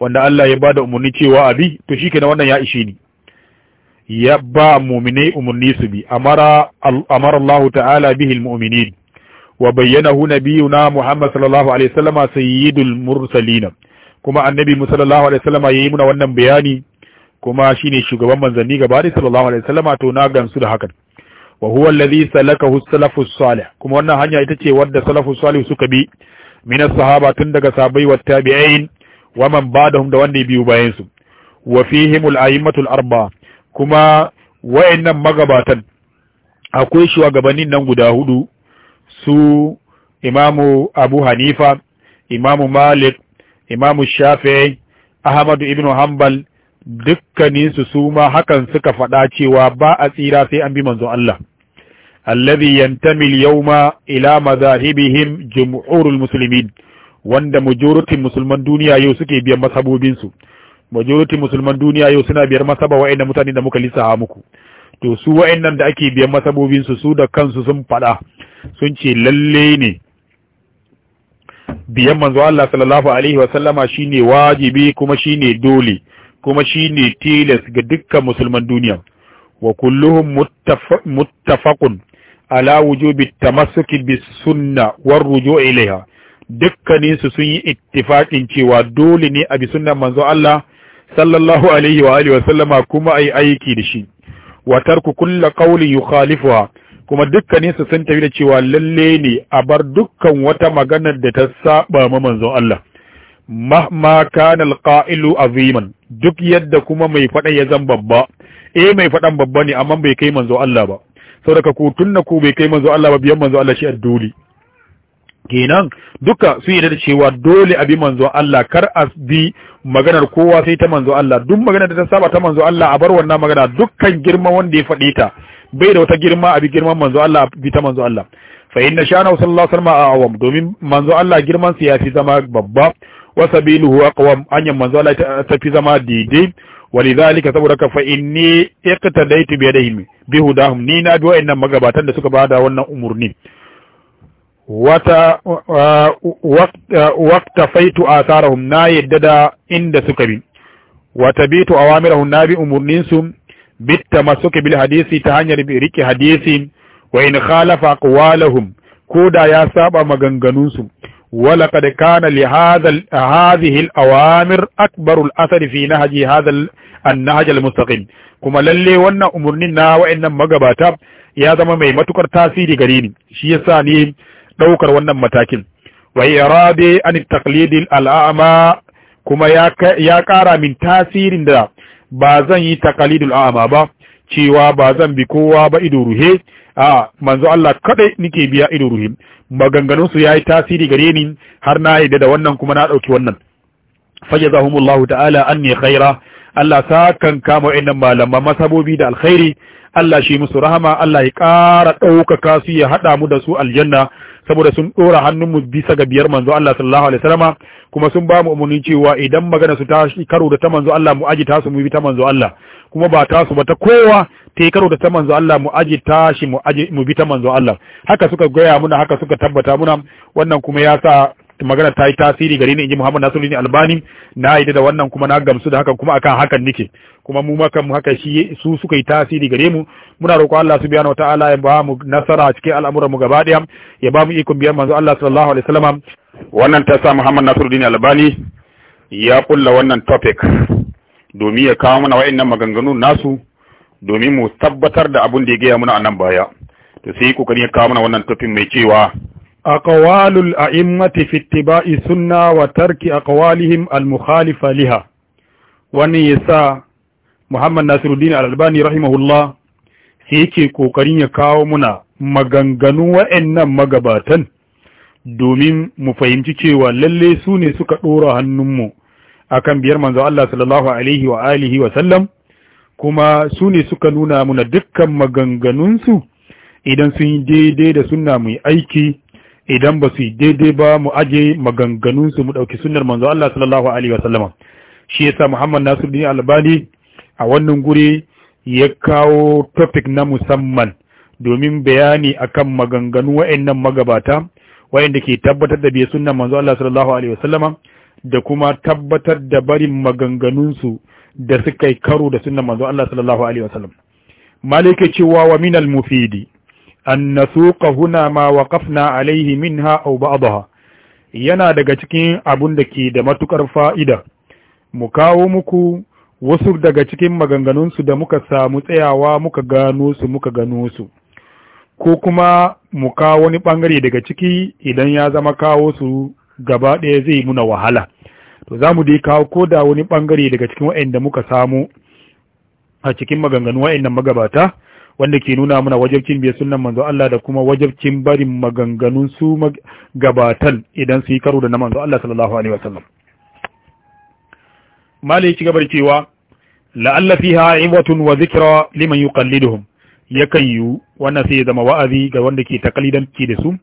wanda Allah ya bada umarni cewa abi to shi kenan wannan ya ishe ni ya ba mu'mine umarni su bi amara amara Allah ta'ala bihi almu'minin wa bayyanahu nabiyuna Muhammad sallallahu alaihi wasallam sayyidul mursalin kuma annabi mu sallallahu alaihi wasallam yayi muna wannan bayani kuma shine shugaban manzanni gaba da sallallahu alaihi wasallam to na gamsu da hakan wa huwa alladhi salakahu salafus salih kuma wannan hanya ita ce wanda salafus salih suka bi min as-sahaba tun daga sahabbai wa tabi'in wa man ba'dahum da wanda ya biyo bayan su wa fihim al arba kuma wayannan magabatan akwai shugabannin nan guda hudu su imamu Abu Hanifa imamu Malik imamu Shafi'i Ahmadu ibn Hanbal dukkaninsu su ma hakan suka faɗa cewa ba a tsira sai an bi manzon Allah alladhi yantami yau ma ila madhahibihim jum'urin muslimin wanda majority musulman duniya yau suke biyan masabobinsu majority musulman duniya yau suna biyar masaba wa'inda mutane da muka lissafa muku to su wa'annan da ake biyan masabobinsu su da kansu sun faɗa sun ce lalle ne biyan manzo Allah sallallahu alaihi wa sallama shine wajibi kuma shine dole kuma shine tilas ga dukkan musulman duniya wa kulluhum muttafaqun ala wujubi tamassuki bis sunnah war ruju' ilaiha dukkaninsu sun yi ittifaƙin cewa dole ne a bi sunnan manzo Allah sallallahu alaihi wa alihi wa sallama kuma yi aiki da shi wa tarku kulli qawlin yukhalifuha kuma dukkaninsu sun tafi da cewa lalle ne a bar dukkan wata maganar da ta saba ma manzo Allah mahma kana alqa'ilu aziman duk yadda kuma mai fada ya zan babba eh mai fadan babba ne amma bai kai manzo Allah ba saboda ku tunna ku bai kai manzo Allah ba biyan manzo Allah shi adduli kenan duka sun yi da cewa dole a bi manzo Allah kar a bi maganar kowa sai ta manzo Allah duk maganar da ta saba ta manzo Allah a bar wannan magana dukkan girma wanda ya faɗe ta bai da wata girma a bi girman manzo Allah a bi ta manzo Allah fa inna shana sallallahu alaihi wasallam awam domin manzo Allah girman sa fi zama babba wa sabiluhu aqwam anyan manzo Allah ta fi zama daidai walidhalika saboda ka fa inni iqtadaitu bi bi hudahum ni na bi wa'annan magabatan da suka bada wannan umurni wata wakta faitu a tsarahun na yadda da inda suka bi wata bitu a wamirahun na umarninsu bitta masu suka hadisi ta hanyar rike hadisi wa in khalafa qawlahum ko da ya saɓa maganganunsu wala kad kana li hadha hadhihi al awamir akbar al athar fi nahji hadha an nahj al mustaqim kuma lalle wannan umarnin na wa'annan magabata ya zama mai matukar tasiri gare ni shi yasa ne ɗaukar wannan matakin wa irade an taqlidil al'ama kuma ya ƙara min tasirin da ba zan yi taqlidul a'ma ba cewa ba zan bi kowa ba ido ruhe a manzo Allah kadai nike biya ido ruhe maganganun su yayi tasiri gare ni har na yi da wannan kuma na dauki wannan fajazahumullahu ta'ala anni khaira Allah sa kan kama wa'annan malaman masabobi da alkhairi Allah shi musu rahama Allah ya ƙara ɗaukaka su ya haɗa mu da su aljanna saboda sun ɗora hannunmu bisa ga biyar manzo Allah sallallahu alaihi kuma sun ba mu umarni cewa idan magana su ta karo da ta manzo Allah mu aji tasu mu bi ta manzo Allah kuma ba su ba ta kowa ta yi karo da ta manzo Allah mu aji tashi mu aji mu bi ta manzo Allah haka suka gaya muna haka suka tabbata muna wannan kuma ya sa magana ta yi tasiri gare ni ji Muhammad Nasiruddin Albani na yi da wannan kuma na gamsu da hakan kuma akan hakan nike kuma mu makan mu haka shi su suka yi tasiri gare mu muna roƙo Allah subhanahu wataala ya ba mu nasara cikin al'amuran mu gaba daya ya ba mu ikon biyar manzo Allah sallallahu alaihi wasallam wannan ta sa Muhammad Nasiruddin Albani ya kulla wannan topic domin ya kawo mana wa'annan maganganun nasu domin mu tabbatar da abin da ya gaya mana a nan baya to sai kokarin ya kawo mana wannan topic mai cewa أقوال الأئمة في اتباع السنة وترك أقوالهم المخالفة لها ونيسا محمد ناصر الدين الألباني رحمه الله yake kokarin ya kawo muna maganganu wa'annan magabatan domin mu fahimci cewa lallai su ne suka ɗora hannunmu akan biyar manzo Allah sallallahu alaihi wa alihi wa sallam kuma su ne suka nuna muna dukkan maganganunsu idan sun yi daidai da sunna mu aiki idan ba su daidai ba mu aje maganganun su mu dauki sunnar manzo Allah sallallahu alaihi wasallama shi yasa Muhammad Nasiruddin Albani a wannan guri ya kawo topic na musamman domin bayani akan maganganu wa'annan magabata wayanda ke tabbatar da biye sunnar manzo Allah sallallahu alaihi wasallama da kuma tabbatar da barin maganganunsu da suka yi karo da sunan manzo Allah sallallahu alaihi wasallam malike cewa wa minal mufidi an nasuqa huna ma waqafna alaihi minha aw ba'daha yana daga cikin abun da ke da matukar fa'ida mu kawo muku wasu daga cikin maganganunsu da muka samu tsayawa muka gano su muka gano su ko kuma mu kawo wani bangare daga ciki idan ya zama kawo su gaba ɗaya zai muna wahala to za mu dai kawo ko da wani bangare daga cikin waɗanda muka samu a cikin maganganu waɗannan magabata wanda ke nuna mana wajabcin biya sunan manzo Allah da kuma wajabcin barin maganganun su gabatan idan su yi karo da na manzo Allah sallallahu alaihi wasallam malai ci gabar cewa la'alla fiha ibwatun wa zikra liman yuqalliduhum yakan yu wannan sai ya zama wa'azi ga wanda ke takalidanci da su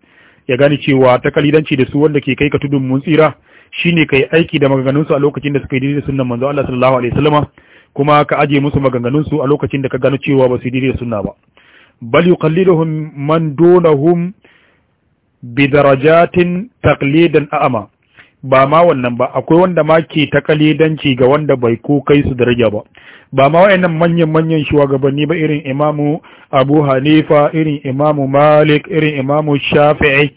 ya gane cewa takalidanci da su wanda ke kai ka tudun mun tsira shine kai aiki da maganganun su a lokacin da suka yi da sunan manzo Allah sallallahu alaihi wasallam kuma ka aje musu maganganunsu a lokacin da ka gano cewa ba su dire sunna ba bal yuqallidhum man dunahum bi darajatin taqlidan a'ma ba ma wannan ba akwai wanda ma ke takalidanci ga wanda bai ko kai su daraja ba ba ma wayannan manyan manyan shugabanni ba irin imamu Abu Hanifa irin imamu Malik irin imamu Shafi'i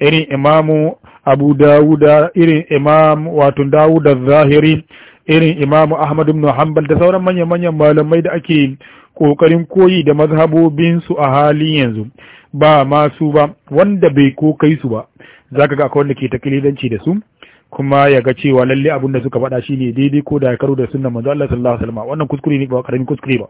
irin imamu Abu Dawuda irin imam wato Dawud zahiri irin imamu ahmadu ibn hanbal da sauran manya-manyan malamai da ake kokarin koyi da mazhabobinsu a halin yanzu ba masu ba wanda bai ko kai su ba za ka ga akwai wanda ke takilidanci da su kuma ya ga cewa lalle abin da suka faɗa shine daidai ko da ya karo da sunan manzo Allah sallallahu alaihi wasallam wannan kuskure ne ba karamin kuskure ba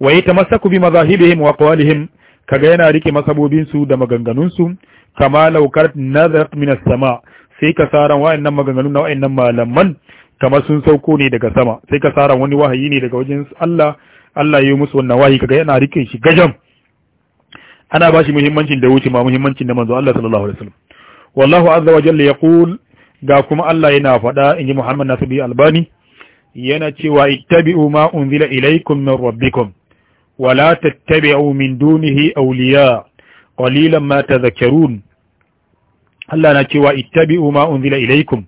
waye tamassaku bi mazahibihim wa qawlihim kaga yana rike masabobin su da maganganun su kama laukar nazar min as-sama sai ka saran wayannan maganganu na wayannan malaman kamar sun sauko ne daga sama sai ka saran wani wahayi ne daga wajen Allah Allah ya yi musu wannan wahayi kaga yana rike shi gajam ana bashi muhimmancin da wuce ma muhimmancin da manzo Allah sallallahu alaihi wasallam wallahu azza wa jalla yaqul ga kuma Allah yana faɗa inji Muhammad Nasibi Albani yana cewa ittabi'u ma unzila ilaykum min rabbikum wa la tattabi'u min dunihi awliya qalilan ma tadhakkarun Allah na cewa ittabi'u ma unzila ilaikum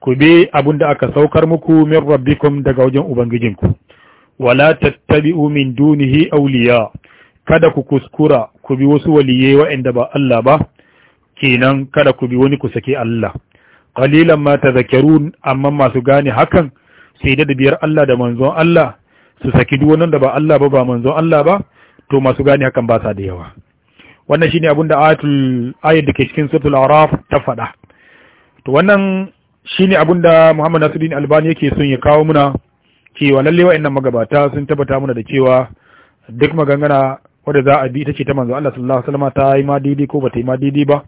ku bi abinda aka saukar muku min rabbikum daga wajen ubangijinku wala tattabi'u min dunihi awliya kada ku kuskura ku bi wasu waliyai waɗanda ba Allah ba kenan kada ku bi wani ku saki Allah qalilan ma tadhakkarun amma masu gane hakan sai da biyar Allah da manzon Allah su saki duk da ba Allah ba ba manzon Allah ba to masu gane hakan ba sa da yawa wannan shine abinda ayatul ayat da ke cikin suratul araf ta faɗa to wannan shine abinda Muhammad Nasiruddin Albani yake son ya kawo muna cewa lalle wa'annan magabata sun tabbata muna da cewa duk magangana wadda za a bi ita ce ta manzo Allah sallallahu alaihi wasallam ta yi ma daidai ko ba ta yi ma daidai ba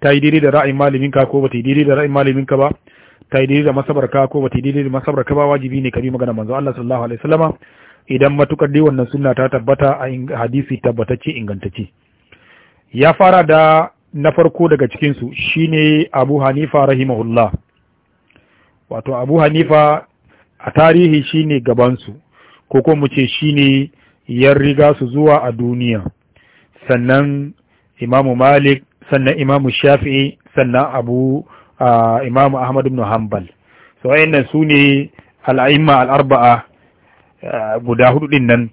ta yi daidai da ra'ayin malaminka ko ba ta yi daidai da ra'ayin malaminka ba ta yi daidai da masabarka ko ba ta yi daidai da masabarka ba wajibi ne ka bi magana manzo Allah sallallahu alaihi wasallam idan matukar dai wannan sunna ta tabbata a hadisi tabbatacce ingantacce ya fara da na farko daga cikinsu shi ne abu hanifa rahimahullah wato abu hanifa a tarihi shi ne gabansu ko kuma mu ce shi ne yan riga su zuwa a duniya sannan imamu malik sannan imamu shafi'i sannan abu imamu ahmad ibn hanbal so wayannan su ne al'aimma al'arba'a guda hudu din nan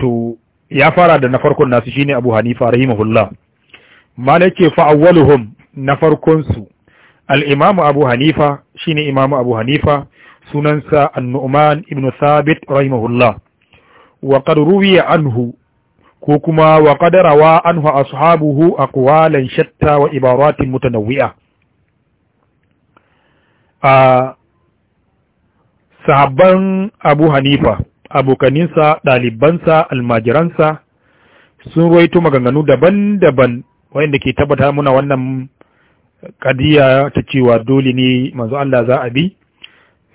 to ya fara da na farkon nasu shine Abu Hanifa rahimahullah malake fa awwaluhum na farkon su al-Imam Abu Hanifa shine Imam Abu Hanifa sunansa An-Nu'man ibn Thabit rahimahullah wa qad ruwiya anhu ko kuma wa qad rawa anhu ashabuhu aqwalan shatta wa ibaratin mutanawwi'a a ah, sahabban Abu Hanifa abokaninsa ɗalibansa almajiransa sun ruwaito maganganu daban-daban wanda ke tabbata muna wannan kadiya ta cewa dole ne manzo Allah za a bi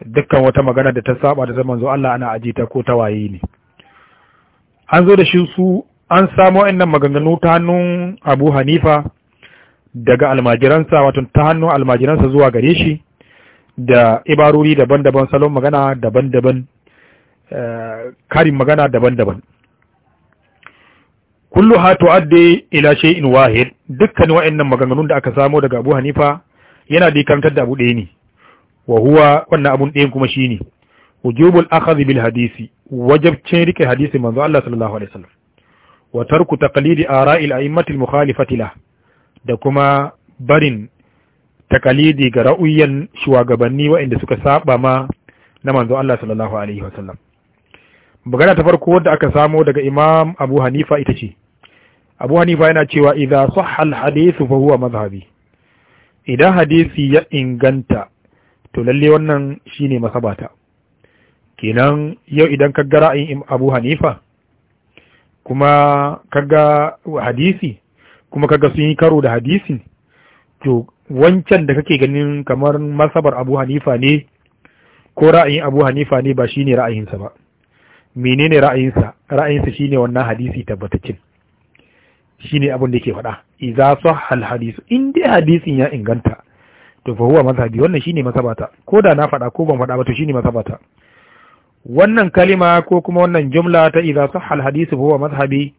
dukkan wata magana da ta saba da manzo Allah ana aje ta ko ta waye ne an zo da shi su an samu wa'annan maganganu ta hannun Abu Hanifa daga almajiransa wato ta hannun almajiransa zuwa gare shi da ibarori daban-daban salon magana daban-daban karin magana daban-daban kullu ha tu'addi ila shay'in wahid dukkan wa'annan maganganun da aka samo daga Abu Hanifa yana da kantar da abu ɗaya ne wa huwa wannan abun ɗayan kuma shine wujubul akhadh bil hadisi wajabcin rike hadisi manzo Allah sallallahu alaihi wasallam wa tarku taqlidi ara'il a'immatil mukhalifati lah da kuma barin takalidi ga ra'uyan shugabanni waɗanda suka saba ma na manzo Allah sallallahu alaihi wasallam magana ta farko wadda aka samo daga imam abu hanifa ita ce abu hanifa yana cewa idan sahal hadithu fa huwa mazhabi idan hadisi ya inganta to lalle wannan shine masabata kenan yau idan ka ga ra'ayin abu hanifa kuma ga hadisi kuma kaga sun yi karo da hadisi to wancan da kake ganin kamar masabar abu hanifa ne ko ra'ayin abu hanifa ne ba shine ra'ayinsa ba menene ra'ayinsa ra'ayinsa shine wannan hadisi tabbatacin shine abin da yake faɗa idza sahha hadisu in dai hadisin ya inganta to fa huwa mazhabi wannan shine masabata ko da na faɗa ko ban faɗa ba to shine masabata wannan kalima ko kuma wannan jumla ta idza sahha hadisu fa huwa mazhabi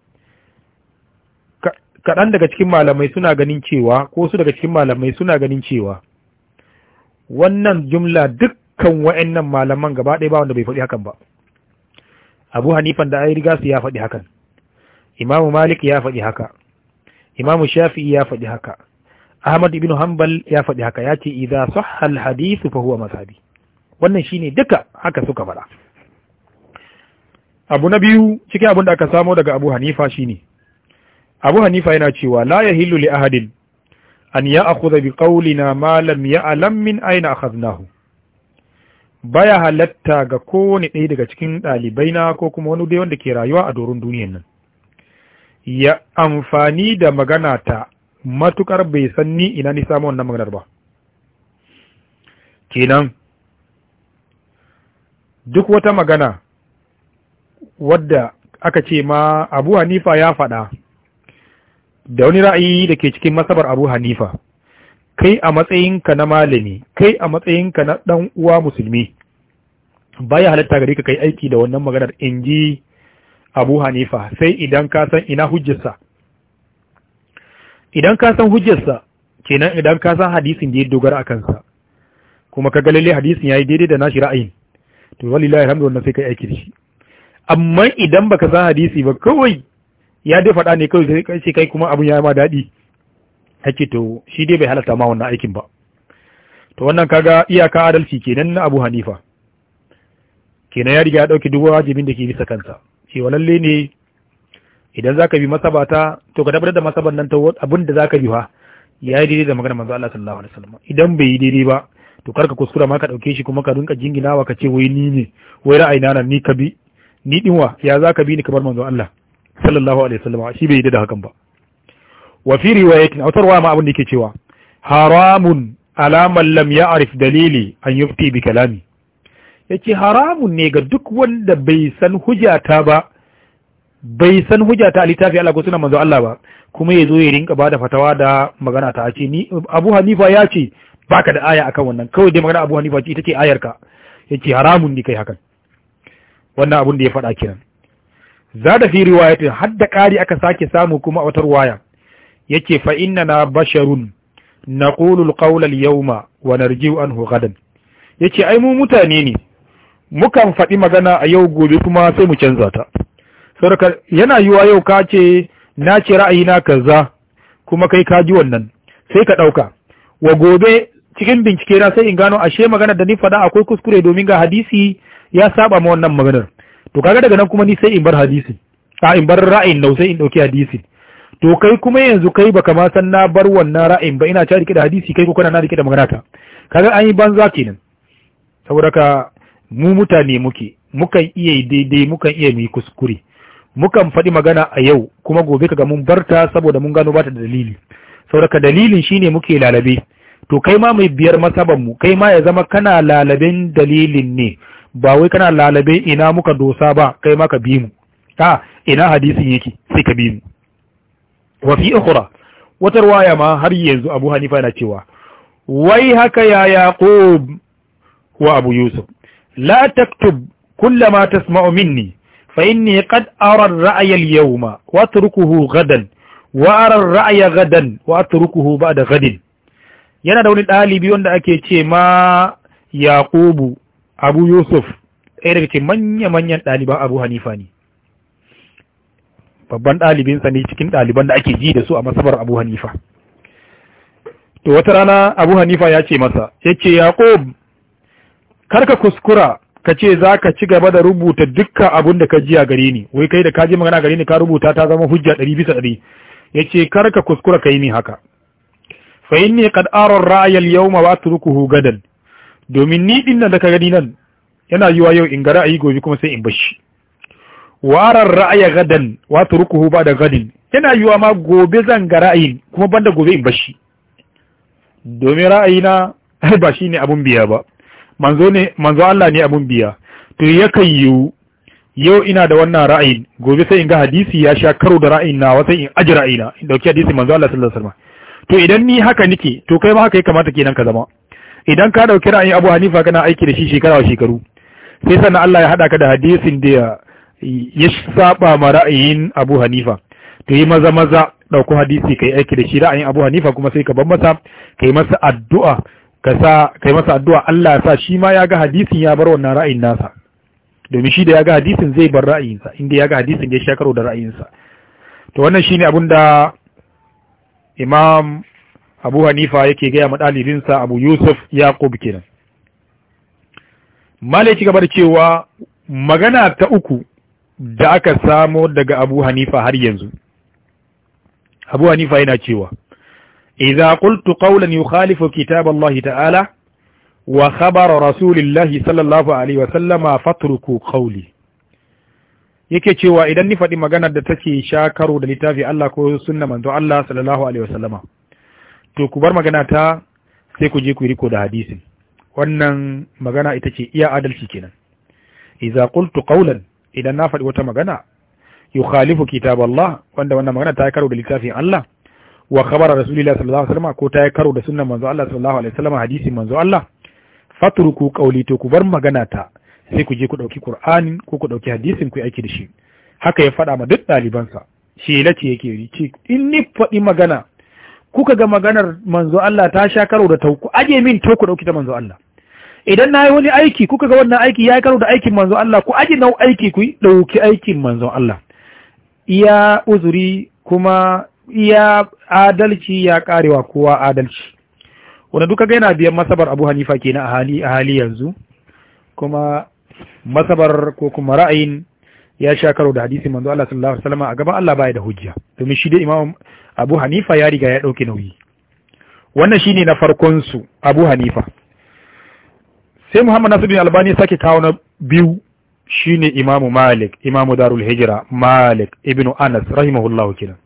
kaɗan daga cikin malamai suna ganin cewa ko su daga cikin malamai suna ganin cewa wannan jumla dukkan wa'annan malaman gaba ɗaya ba wanda bai faɗi hakan ba abu hanifan da ayi su ya faɗi hakan imamu malik ya faɗi haka imamu shafi'i ya faɗi haka ahmad ibn hanbal ya faɗi haka ya ce idza sahha al fa huwa mazhabi wannan shine duka haka suka faɗa abu na biyu cikin abin da aka samo daga abu hanifa shine abu hanifa yana cewa la yahillu li ahadin an ya'khudha bi qawlina ma lam ya'lam min ayna akhadnahu baya halatta ga kowane ɗaya daga cikin ɗalibai na ko kuma wani dai wanda ke rayuwa a doron duniyan nan ya amfani da magana ta matukar bai sanni ni ina ni samu wannan maganar ba kenan duk wata magana wadda aka ce ma abu hanifa ya faɗa da wani ra'ayi da ke cikin masabar abu hanifa kai a matsayinka na malami kai a matsayinka na dan uwa musulmi baya halatta gari ka kai aiki da wannan maganar inji Abu Hanifa sai idan ka san ina hujjarsa idan ka san hujjarsa kenan idan ka san hadisin da ya dogara akan sa kuma ka galile hadisin yayi daidai da nashi ra'ayin to wallahi alhamdu wannan sai kai aiki da shi amma idan baka san hadisi ba kawai ya dai faɗa ne kawai sai kai kuma abun ya ma daɗi take to shi dai bai halatta ma wannan aikin ba to wannan kaga iyaka adalci kenan na Abu Hanifa kenan ya riga ya dauki duk wajibin da ke bisa kansa shi walalle ne idan zaka bi masabata to ka dabar da masaban nan ta abin da zaka bi fa ya yi daidai da maganar manzo Allah sallallahu alaihi wasallam idan bai yi daidai ba to kar ka kuskura ma ka dauke shi kuma ka rinka jinginawa ka ce wai ni ne wai ra'ayina nan ni ka bi ni dinwa ya zaka bi ni kamar manzo Allah sallallahu alaihi wasallam shi bai yi da hakan ba wa fi riwayatin a wata ma abin da yake cewa haramun alaman lam ya'rif dalili an yufti bi kalami yace haramun ne ga duk wanda bai san hujata ba bai san hujjata a littafi Allah ko suna manzo Allah ba kuma ya zo ya rinka bada fatawa da magana ta ce ni Abu Hanifa ya ce baka da aya akan wannan kawai dai magana Abu Hanifa ce ita ce ayarka yace haramun ne kai hakan wannan abun da ya faɗa kiran zada fi riwayatin hadda ƙari aka sake samu kuma a wata riwaya yake fa na basharun naqulu yau ma wa narji'u an gadan yace ai mu mutane ne mukan faɗi magana a yau gobe kuma sai mu canza ta sarka yana yiwa yau ka ce na ce ra'ayina kaza kuma kai ka ji wannan sai ka ɗauka wa gobe cikin bincike na sai in gano ashe maganar da ni faɗa akwai kuskure domin ga hadisi ya saba ma wannan maganar to kaga daga nan kuma ni sai in bar hadisi a in bar ra'ayin nau sai in ɗauki hadisi to kai kuma yanzu kai baka ma san na bar wannan ra'ayin ba ina ta rike da hadisi kai ko kana na rike da magana ta kaga an yi banza kenan saboda ka mu mutane muke mukan iya daidai mukan iya mu kuskure mukan faɗi magana a yau kuma gobe kaga mun barta saboda mun gano bata da dalili saboda ka dalilin shine muke lalabe to kai ma mai biyar masaban mu kai ma ya zama kana lalaben dalilin ne ba wai kana lalabe ina muka dosa ba kai ma ka bi mu ta ah, ina hadisin yake sai ka bi mu wa fi wata waya ma har yanzu Abu Hanifa na cewa wai haka ya Yaqub wa Abu Yusuf la taktub kullama tasma'u minni fa inni qad ara ar-ra'ya al-yawma wa atrukuhu gadan wa ara ar-ra'ya gadan wa atrukuhu ba'da gadin yana da wani dalibi wanda ake ce ma Yaqub Abu Yusuf ɗaya daga cikin manya-manyan ɗaliban Abu Hanifa ne babban ɗalibinsa ne cikin ɗaliban da ake ji da su a masabar abu hanifa to wata rana abu hanifa ya ce masa ya ce karka kuskura ka ce za ka ci gaba da rubuta dukkan abin da ka ji a gare ni wai kai da ka ji magana gare ni ka rubuta ta zama hujja ɗari bisa ɗari ya ce karka kuskura ka yi ni haka fa ne kad Aron ra'ayar yau ma ba su atrukuhu gadan domin ni ɗin nan da ka gani nan yana yiwa yau in ga ra'ayi gobe kuma sai in bashi. warar ra'aya gadan wato rukuhu ba da gadin yana yiwa ma gobe zan ga ra'ayin kuma banda gobe in bashi domin ra'ayina ba shi ne abun biya ba manzo ne manzo Allah ne abun biya to ya yakan yiwu yau ina da wannan ra'ayin gobe sai in ga hadisi ya sha karo da ra'ayin na wata in aji ra'ayina in dauki hadisi manzo Allah sallallahu alaihi wasallam to idan ni haka nike to kai ma haka ya kamata kenan ka zama idan ka dauki ra'ayin Abu Hanifa kana aiki da shi shekara shekaru sai sannan Allah ya hada ka da hadisin da ya saba ma ra'ayin Abu Hanifa to yi maza maza dauko hadisi kai aiki da shi ra'ayin Abu Hanifa kuma sai ka bar masa kai masa addu'a ka sa kai masa addu'a Allah ya sa shi ma ya ga hadisin ya bar wannan ra'ayin nasa domin shi da ya ga hadisin zai bar ra'ayinsa inda ya ga hadisin ya shakaro karo da ra'ayinsa to wannan shine abin da Imam Abu Hanifa yake gaya ma sa Abu Yusuf Yaqub kenan ci gaba da cewa magana ta uku da aka samo daga Abu Hanifa har yanzu Abu Hanifa yana cewa kultu qultu qawlan yukhalifu kitab Allah ta'ala wa khabar rasulillah sallallahu alaihi wa sallama fatruku yake cewa idan ni faɗi maganar da take sha karo da littafi Allah ko sunna manzo Allah sallallahu alaihi wa to ku bar magana ta sai ku je ku riko da hadisin wannan magana ita ce iya adalci kenan iza kultu qawlan idan na faɗi wata magana yukhalifu kitab Allah wanda wannan magana ta yi karo da littafin Allah wa khabara rasulillahi sallallahu alaihi ko ta yi karo da sunnan manzo Allah sallallahu alaihi wasallam hadisi manzo Allah fatruku qawli to ku bar magana ta sai ku je ku ɗauki Kur'ani ko ku ɗauki hadisin ku aiki da shi haka ya faɗa ma duk ɗalibansa shi lace yake yi ce in ni faɗi magana kuka ga maganar manzo Allah ta sha karo da tauku aje min to ku dauki ta manzo Allah idan na yi wani aiki kuka ga wannan aiki ya yi karo da aikin manzon Allah ku aji nau aiki ku ɗauki aikin manzon Allah iya uzuri kuma iya adalci ya karewa kowa adalci wanda duka ga yana biyan masabar abu hanifa kenan a hali a hali yanzu kuma masabar ko kuma ra'ayin ya sha karo da hadisi manzo Allah sallallahu alaihi wasallam a gaban Allah baya da hujja domin shi da Imam Abu Hanifa ya riga ya ɗauki nauyi wannan shi ne na farkon su Abu Hanifa sai Muhammad Nasiruddin Albani sake kawo na biyu shine imamu Malik imamu Darul Hijra Malik ibn Anas rahimahullahu kina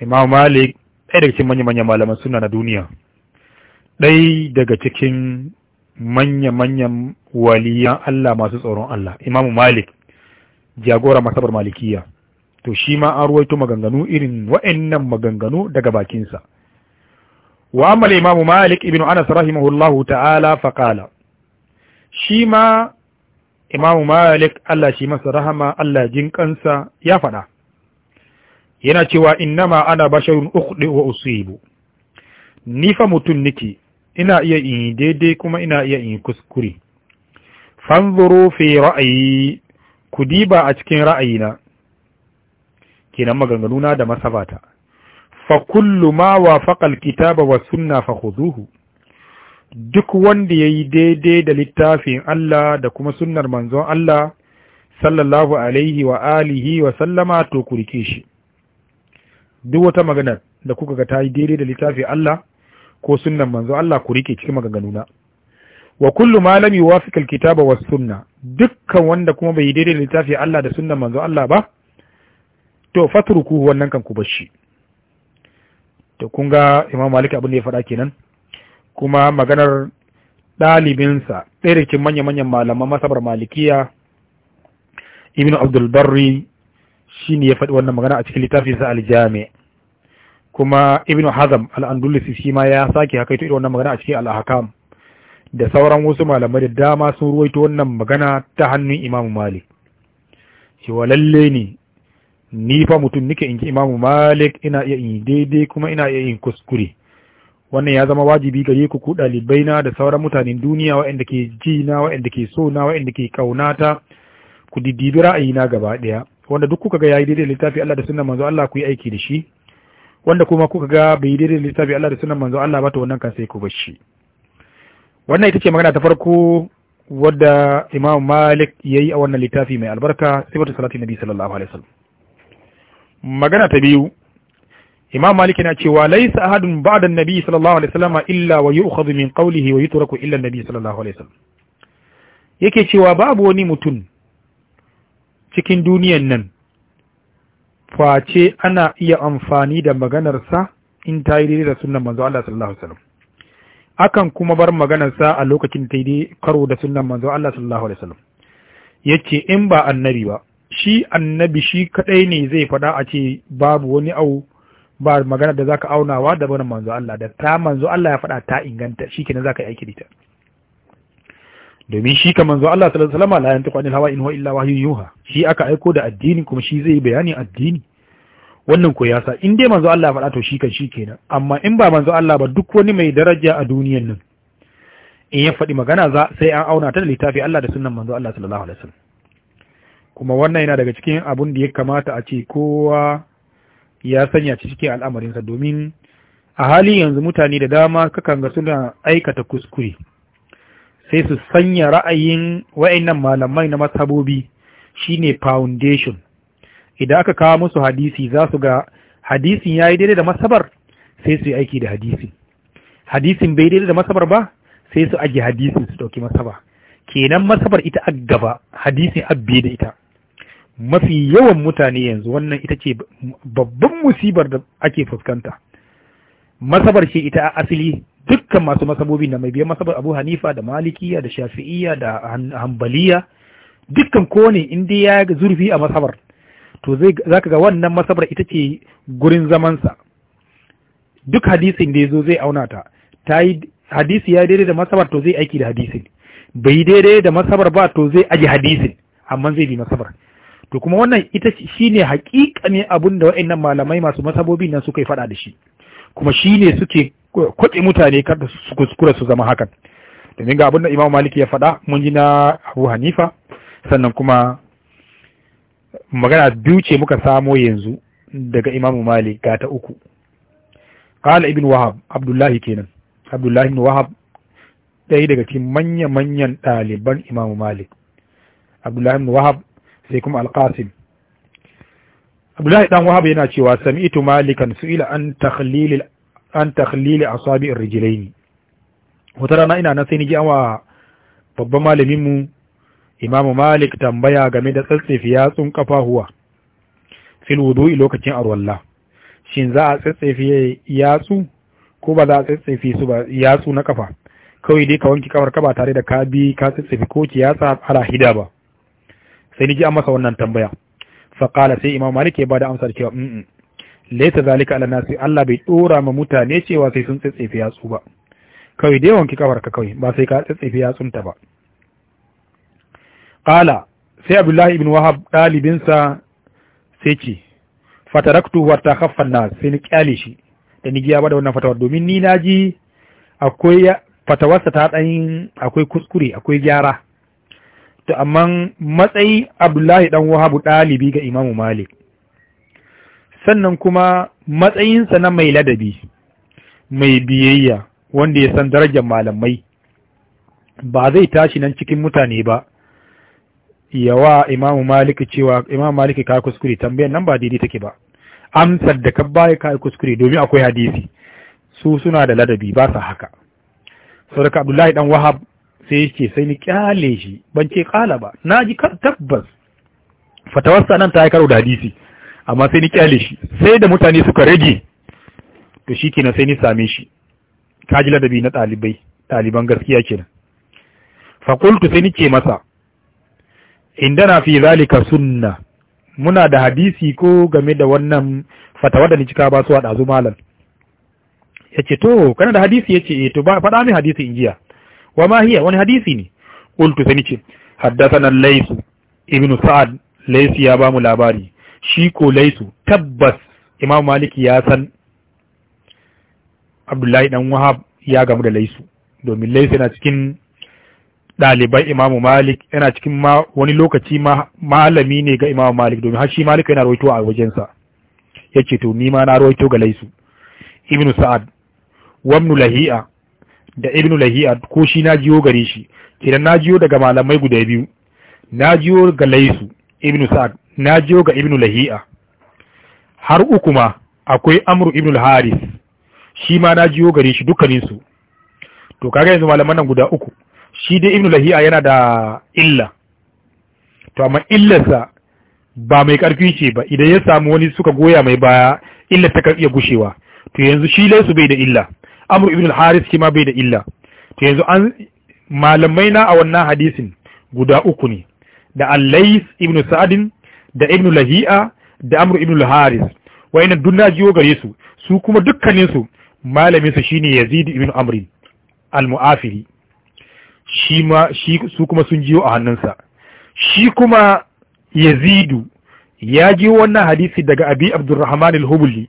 Imam Malik ɗaya daga cikin manya-manyan malaman suna na duniya ɗaya daga cikin manya-manyan waliyan Allah masu tsoron Allah imamu Malik jagora masabar malikiya to shi ma an ruwaito maganganu irin wa'annan maganganu daga bakinsa وأما الإمام مالك ابن أنس رحمه الله تعالى فقال شيما إمام مالك الله شيما سرهما الله جنكنسا يفنى يناتي وإنما أنا بشر أخطئ وأصيب نيفا متنكي إنا إيا إن ديدي كما إنا إيا إن كسكري fanzuru fi ra'ayi ku diba a cikin ra'ayina kenan maganganuna da masabata fa kullu ma wafaqa kitaba wa sunna fa khuduhu duk wanda yayi daidai da littafin Allah da kuma sunnar manzon Allah sallallahu alaihi wa alihi wa sallama to ku rike shi duk wata magana da kuka ga ta yi daidai da littafin Allah ko sunnan manzon Allah ku rike cikin maganganuna wa kullu ma lam yuwafiq alkitaba was sunna dukkan wanda kuma bai yi daidai da littafin Allah da sunnan manzon Allah ba to fatruku wannan kan ku bar shi to kun ga imam malik abin da ya faɗa kenan kuma maganar ɗalibinsa ɗaya da cikin manya-manyan malaman masabar malikiya ibn abdul barri shi ne ya faɗi wannan magana a cikin littafinsa aljami kuma ibn hazam al'andulisi shi ma ya sake haka ita wannan magana a cikin al'ahakam da sauran wasu malamai da dama sun ruwaito wannan magana ta hannun imam malik wa lalle ne ni fa mutum nike in ji imamu malik ina iya in daidai kuma ina iya yin kuskure wannan ya zama wajibi gare ku ku dalibai na da sauran mutanen duniya wa'inda ke ji na waɗanda ke so na waɗanda ke kaunata ku diddibi ra'ayi na gaba daya wanda duk kuka ga yayi daidai littafi Allah da sunan manzo Allah ku yi aiki da shi wanda kuma kuka ga bai daidai littafi Allah da sunan manzo Allah ba to wannan kan sai ku bashi wannan ita ce magana ta farko wadda Imam Malik yayi a wannan littafi mai albarka sifatu salati nabi sallallahu alaihi wasallam magana ta biyu imam Maliki na cewa laisa ahadun ba'da nabi sallallahu alaihi wasallam illa wa yu'khadhu min qawlihi wa yutraku illa annabi sallallahu alaihi wasallam yake cewa babu wani mutum cikin duniyan nan face ana iya amfani da maganarsa in ta yi da sunan manzo Allah sallallahu alaihi wasallam akan kuma bar maganarsa a lokacin ta yi karo da sunan manzo Allah sallallahu alaihi wasallam yace in ba annabi ba shi annabi shi kadai ne zai faɗa a ce babu wani au ba magana da zaka aunawa da bana manzo Allah da ta manzo Allah ya faɗa ta inganta shikenan zaka yi aiki da ita domin shi ka manzo Allah sallallahu alaihi wasallam la yantiqu anil hawa in huwa illa wahyu yuha shi aka aiko da addini kuma shi zai bayani addini wannan ko ya sa in dai manzo Allah faɗa to shi kan shi kenan amma in ba manzo Allah ba duk wani mai daraja a duniyar nan in ya faɗi magana za sai an auna ta da littafi Allah da sunnan manzo Allah sallallahu alaihi wasallam kuma wannan yana daga cikin abun da ya kamata a ce kowa ya sanya cikin al'amarinsa domin a hali yanzu mutane da dama kakan ga suna aikata kuskure sai su sanya ra'ayin wa'annan malamai na matsabobi shine foundation idan aka kawo musu hadisi za su ga hadisin ya yi daidai da masabar sai su yi aiki da hadisin hadisin bai daidai da masabar ba sai su ajiye hadisin su ɗauki masaba kenan masabar ita a gaba hadisin abbe da ita mafi yawan mutane yanzu wannan ita ce babban musibar da ake fuskanta masabar ce ita a asali dukkan masu masabobi na mai biyan masabar abu hanifa da malikiya da shafi'iya da hambaliya dukkan kone inda ya zurfi a masabar to zai zaka ga wannan masabar ita ce gurin zamansa duk hadisin da ya zo zai auna ta ta yi hadisi ya daidai da masabar to zai aiki da hadisin bai daidai da masabar ba to zai aji hadisin amma zai bi masabar to kuma wannan ita shine hakika ne abin da wa'annan malamai masu masabobi nan suka yi faɗa da shi kuma shine suke kwaɗe mutane kada su kuskura su zama hakan domin ga abin da Imam Maliki ya faɗa mun ji na Abu Hanifa sannan kuma magana biyu ce muka samo yanzu daga Imam Malik ga ta uku qala ibn Wahab Abdullahi kenan Abdullahi ibn Wahab ɗaya daga cikin manya-manyan ɗaliban Imam Malik Abdullahi ibn Wahab sai kuma alqasim abdullahi dan wahab yana cewa sami'tu malikan su'ila an takhlil an takhlil asabi ar-rijlain wata rana ina na sai ni ji wa babban malamin mu imamu malik tambaya game da tsatsefe yatsun kafahuwa fil wudu'i lokacin arwalla shin za a tsatsefe yatsu ko ba za a tsatsefi su ba yatsu na kafa kawai dai ka wanke kafar ka ba tare da ka bi ka tsatsefi ko ki yatsa ala hida ba sai niji an masa wannan tambaya fa qala sai imam malik ya bada amsar cewa mm laita zalika ala nasi Allah bai dora ma mutane cewa sai sun tsitsefe yatsu ba kawai dai wanki kafar ka kawai ba sai ka tsitsefe yatsunta ba qala sai abdullahi ibn wahab dalibinsa sai ce fataraktu wa takhaffan nas sai ni kyale shi da ni giya bada wannan fatawar domin ni naji akwai fatawarsa ta dan akwai kuskure akwai gyara to amma matsayi abdullahi dan wahabu ɗalibi ga imamu malik sannan kuma matsayinsa na mai ladabi mai biyayya wanda ya san darajar malamai ba zai tashi nan cikin mutane ba yawa imamu malik cewa imamu malik ka kuskure tambayar nan ba daidai take ba amsar da ka baya ka kuskure domin akwai hadisi su suna da ladabi ba sa haka saboda abdullahi dan wahab sai yake sai ni kyale shi ban ce kala ba na ji tabbas fatawarsa nan ta yi karo da hadisi amma sai ni kyale shi sai da mutane suka rage to shi kenan sai ni same shi Ka ji ladabi na ɗalibai ɗaliban gaskiya kenan fakultu sai ni ce masa Inda na fi zalika sunna muna da hadisi ko game da wannan fatawa da ni cika ba su a ɗazu malam ya ce to kana da hadisi ya ce eh, to ba faɗa min hadisi in jiya wa ma hiya wani hadisi ne qultu sai nace haddathana laysu Ibnu sa'ad laysu ya ba mu labari shi ko laysu tabbas imam malik ya san abdullahi dan wahab ya gamu da laisu domin laisu yana cikin ɗaliban Imam malik yana cikin ma wani lokaci malami ne ga Imam malik domin har shi malik yana rawaito a wajensa ya ce to ni ma na rawaito ga laisu ibnu sa'ad wa ibn lahi'a da ibn lahiya ko shi na jiyo gare shi idan na jiyo daga malamai guda biyu na jiyo ga laisu ibn sa'ad na jiyo ga ibn lahiya har uku ma akwai amru ibn al-haris shi ma na jiyo gare shi dukkanin su to kaga yanzu malaman nan guda uku shi dai ibn lahiya yana da illa to amma illarsa ba mai ƙarfi ce ba idan ya samu wani suka goya mai baya illar ta iya gushewa to yanzu shi laisu bai da illa amru ibn al-haris bai da illa to yanzu an malamai na a wannan hadisin guda uku ne da Allai ibn sa'adin da ibn lahi'a da amru ibn al-haris wayannan duk na gare su su kuma dukkanin su malamin su shine yazid ibn al-mu'afiri shi ma shi su kuma sun jiyo a hannunsa shi kuma yazidu ya ji wannan hadisi daga abi abdurrahman al-hubuli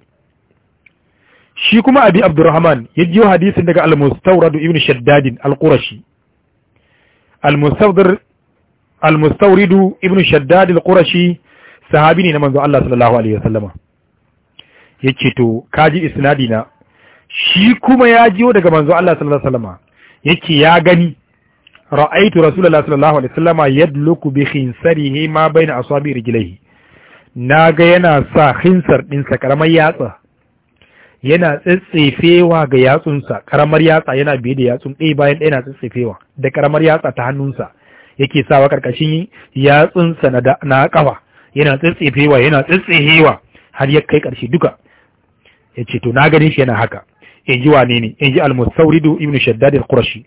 shi kuma abi abdurrahman ya jiyo hadisin daga al-mustawrad ibn shaddadin al-qurashi al-mustawdir ibn shaddad al-qurashi sahabi ne na manzo Allah sallallahu alaihi wasallama yace to kaji isnadi na shi kuma ya jiyo daga manzo Allah sallallahu alaihi wasallama yake ya gani ra'aitu rasulullahi sallallahu alaihi wasallama yadluku bi khinsarihi ma baina asabi rijlaihi naga yana sa khinsar din sa karamar yatsa yana tsitsefewa ga yatsunsa karamar yatsa yana biye da yatsun ɗaya bayan ɗaya na tsitsifewa da karamar yatsa ta hannunsa yake sawa karkashin yatsunsa na kafa yana tsitsifewa yana tsitsihewa har ya kai karshe duka ya ce to na ganin shi yana haka in ji wane ne in ji almusauridu ibn shaddad al-qurashi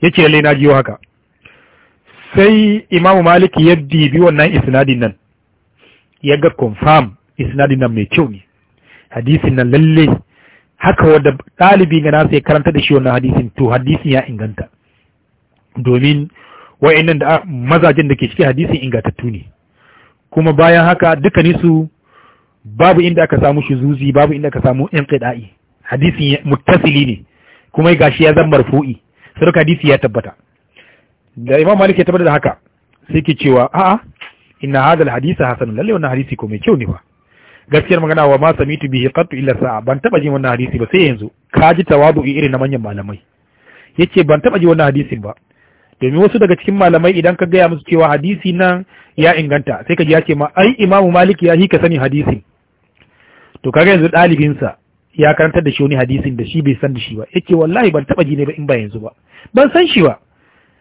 ya ce lalle na jiyo haka sai imamu maliki ya dibi wannan isnadin nan ya ga confirm isnadin nan mai kyau ne hadisin nan lalle haka wadda ɗalibi ga nasu ya karanta da shi wannan hadisin to hadisin ya inganta domin wa'annan da mazajen da ke cikin hadisin ingantattu ne kuma bayan haka duka su babu inda aka samu shi zuzi babu inda aka samu inqida'i hadisin muttasili ne kuma gashi ya zan marfu'i sai hadisi ya tabbata da imam malik ya tabbatar da haka sai ke cewa a'a inna hadal hadisa hasanun lalle wannan hadisi ko mai kyau ne ba gaskiyar magana wa ma samitu bihi qattu illa sa'a ban taba jin wannan hadisi ba sai yanzu ka ji tawadu irin na manyan malamai yace ban taba ji wannan hadisin ba domin wasu daga cikin malamai idan ka gaya musu cewa hadisi nan ya inganta sai ka ji ya ce ma ai imamu malik ya hika sani hadisin to kaga yanzu dalibin sa ya karanta da shi wani hadisin da shi bai san da shi ba yace wallahi ban taba ji ne ba in ba yanzu ba ban san shi ba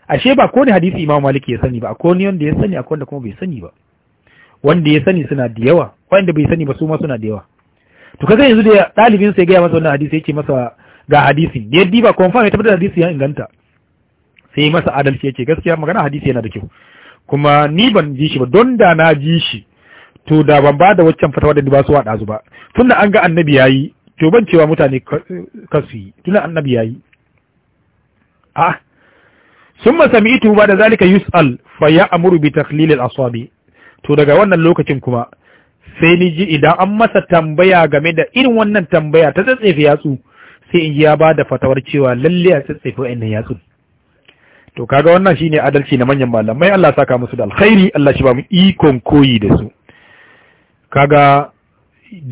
ashe ba ko ne hadisi imamu malik ya sani ba ko ne wanda ya sani akwai wanda kuma bai sani ba wanda ya sani suna da yawa wanda bai sani ba su ma suna da yawa to kaga yanzu da dalibin sai gaya masa wannan hadisi yake masa ga hadisi da yaddi ba confirm ya tabbatar hadisi ya inganta sai masa adalci yake gaskiya magana hadisi yana da kyau kuma ni ban ji shi ba don da na ji shi to da ban ba da waccan fatawa da ba su waɗa ba tunda an ga annabi yayi to ban cewa mutane kasu yi tunda annabi yayi a ah. summa sami'tu ba da zalika yus'al fa ya'muru bi taqlil al-asabi to daga wannan lokacin kuma sai ni ji idan an masa tambaya game da irin wannan tambaya ta tsatsefe yatsu sai in ji ya ba da fatawar cewa lalle a tsatsefe wa'annan yatsu to kaga wannan shine adalci na manyan malamai Allah saka musu da alkhairi Allah shi ba mu ikon koyi da su kaga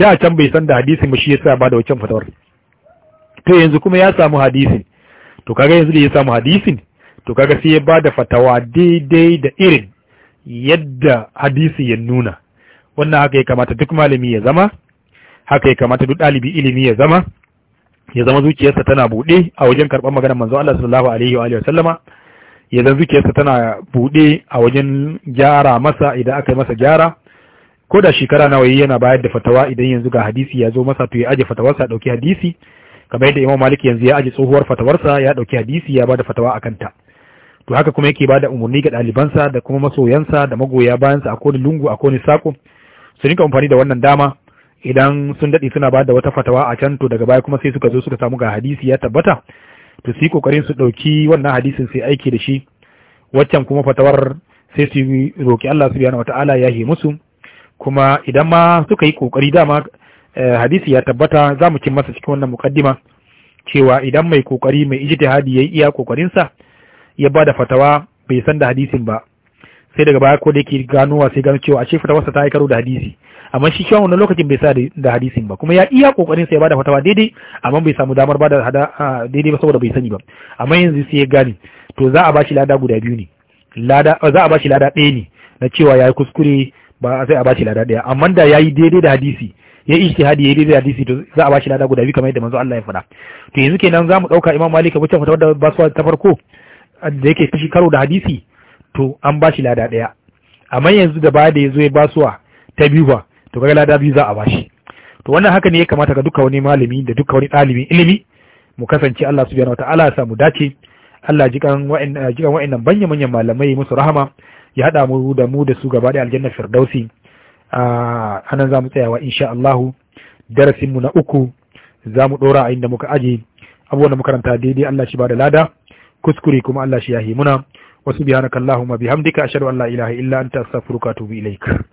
da can bai san da hadisin ba shi sa ba da wancan fatawar to yanzu kuma ya samu hadisin to kaga yanzu da ya samu hadisin to kaga sai ya ba da fatawa daidai da irin yadda hadisi ya nuna wannan haka ya kamata duk malami ya zama haka ya kamata duk ɗalibi ilimi ya zama ya zama zuciyarsa tana buɗe a wajen karɓar maganar manzon Allah sallallahu alaihi wa sallama ya zama zuciyarsa tana buɗe a wajen gyara masa idan aka yi masa gyara ko da shekara nawa yi yana bayar da fatawa idan yanzu ga hadisi ya zo masa to ya aje fatawarsa ya ɗauki hadisi kamar yadda Imam Malik yanzu ya aje tsohuwar fatawarsa ya ɗauki hadisi ya ba da fatawa a kanta. to haka kuma yake bada umarni ga ɗalibansa da kuma masoyansa da magoya bayansa a kone lungu a kone sako su rinka amfani da wannan dama idan sun daɗe suna ba da wata fatawa a can to daga baya kuma sai suka zo suka samu ga hadisi ya tabbata to su yi kokarin su ɗauki wannan hadisin sai aiki da shi waccan kuma fatawar sai su roƙi Allah subhanahu wata'ala ya yi musu kuma idan ma suka yi kokari dama eh, hadisi ya tabbata za mu cin masa cikin wannan mukaddima cewa idan mai kokari mai ijtihadi yi iya kokarin sa ya ba da fatawa bai san da hadisin ba sai daga baya ko da yake ganowa sai gano cewa ashe fatawarsa ta aikaro da hadisi amma shi kyawun wannan lokacin bai sa da hadisin ba kuma ya iya kokarin sa ya bada fatawa daidai amma bai samu damar bada hada daidai ba saboda bai sani ba amma yanzu sai ya gane to za a bashi lada guda biyu ne lada za a bashi lada ɗaya ne na cewa yayi kuskure ba sai a bashi lada ɗaya amma da yayi daidai da hadisi ya ijtihadi yayi daidai da hadisi to za a bashi lada guda biyu kamar yadda manzo Allah ya faɗa to yanzu kenan mu dauka Imam Malik wacce fatawar da ba ta farko da yake kashi karo da hadisi to an ba shi lada ɗaya amma yanzu da baya da ya zo ya basuwa ta biyu ba to kaga lada biyu za a ba shi to wannan haka ne ya kamata ga duka wani malami da duka wani ɗalibin ilimi mu kasance Allah subhanahu wataala ya samu dace Allah jikan wa'annan jikan wa'annan banya manyan malamai musu rahama ya hada mu da mu da su gaba da aljanna firdausi a anan zamu tsayawa insha Allah darasin mu na uku zamu dora a inda muka aje abuwan da muka ranta daidai Allah shi ba da lada kuskure kuma Allah shi yahi muna wasu bihanaka Allahumma bihamdika ashhadu an la ilaha illa anta astaghfiruka wa atubu ilaik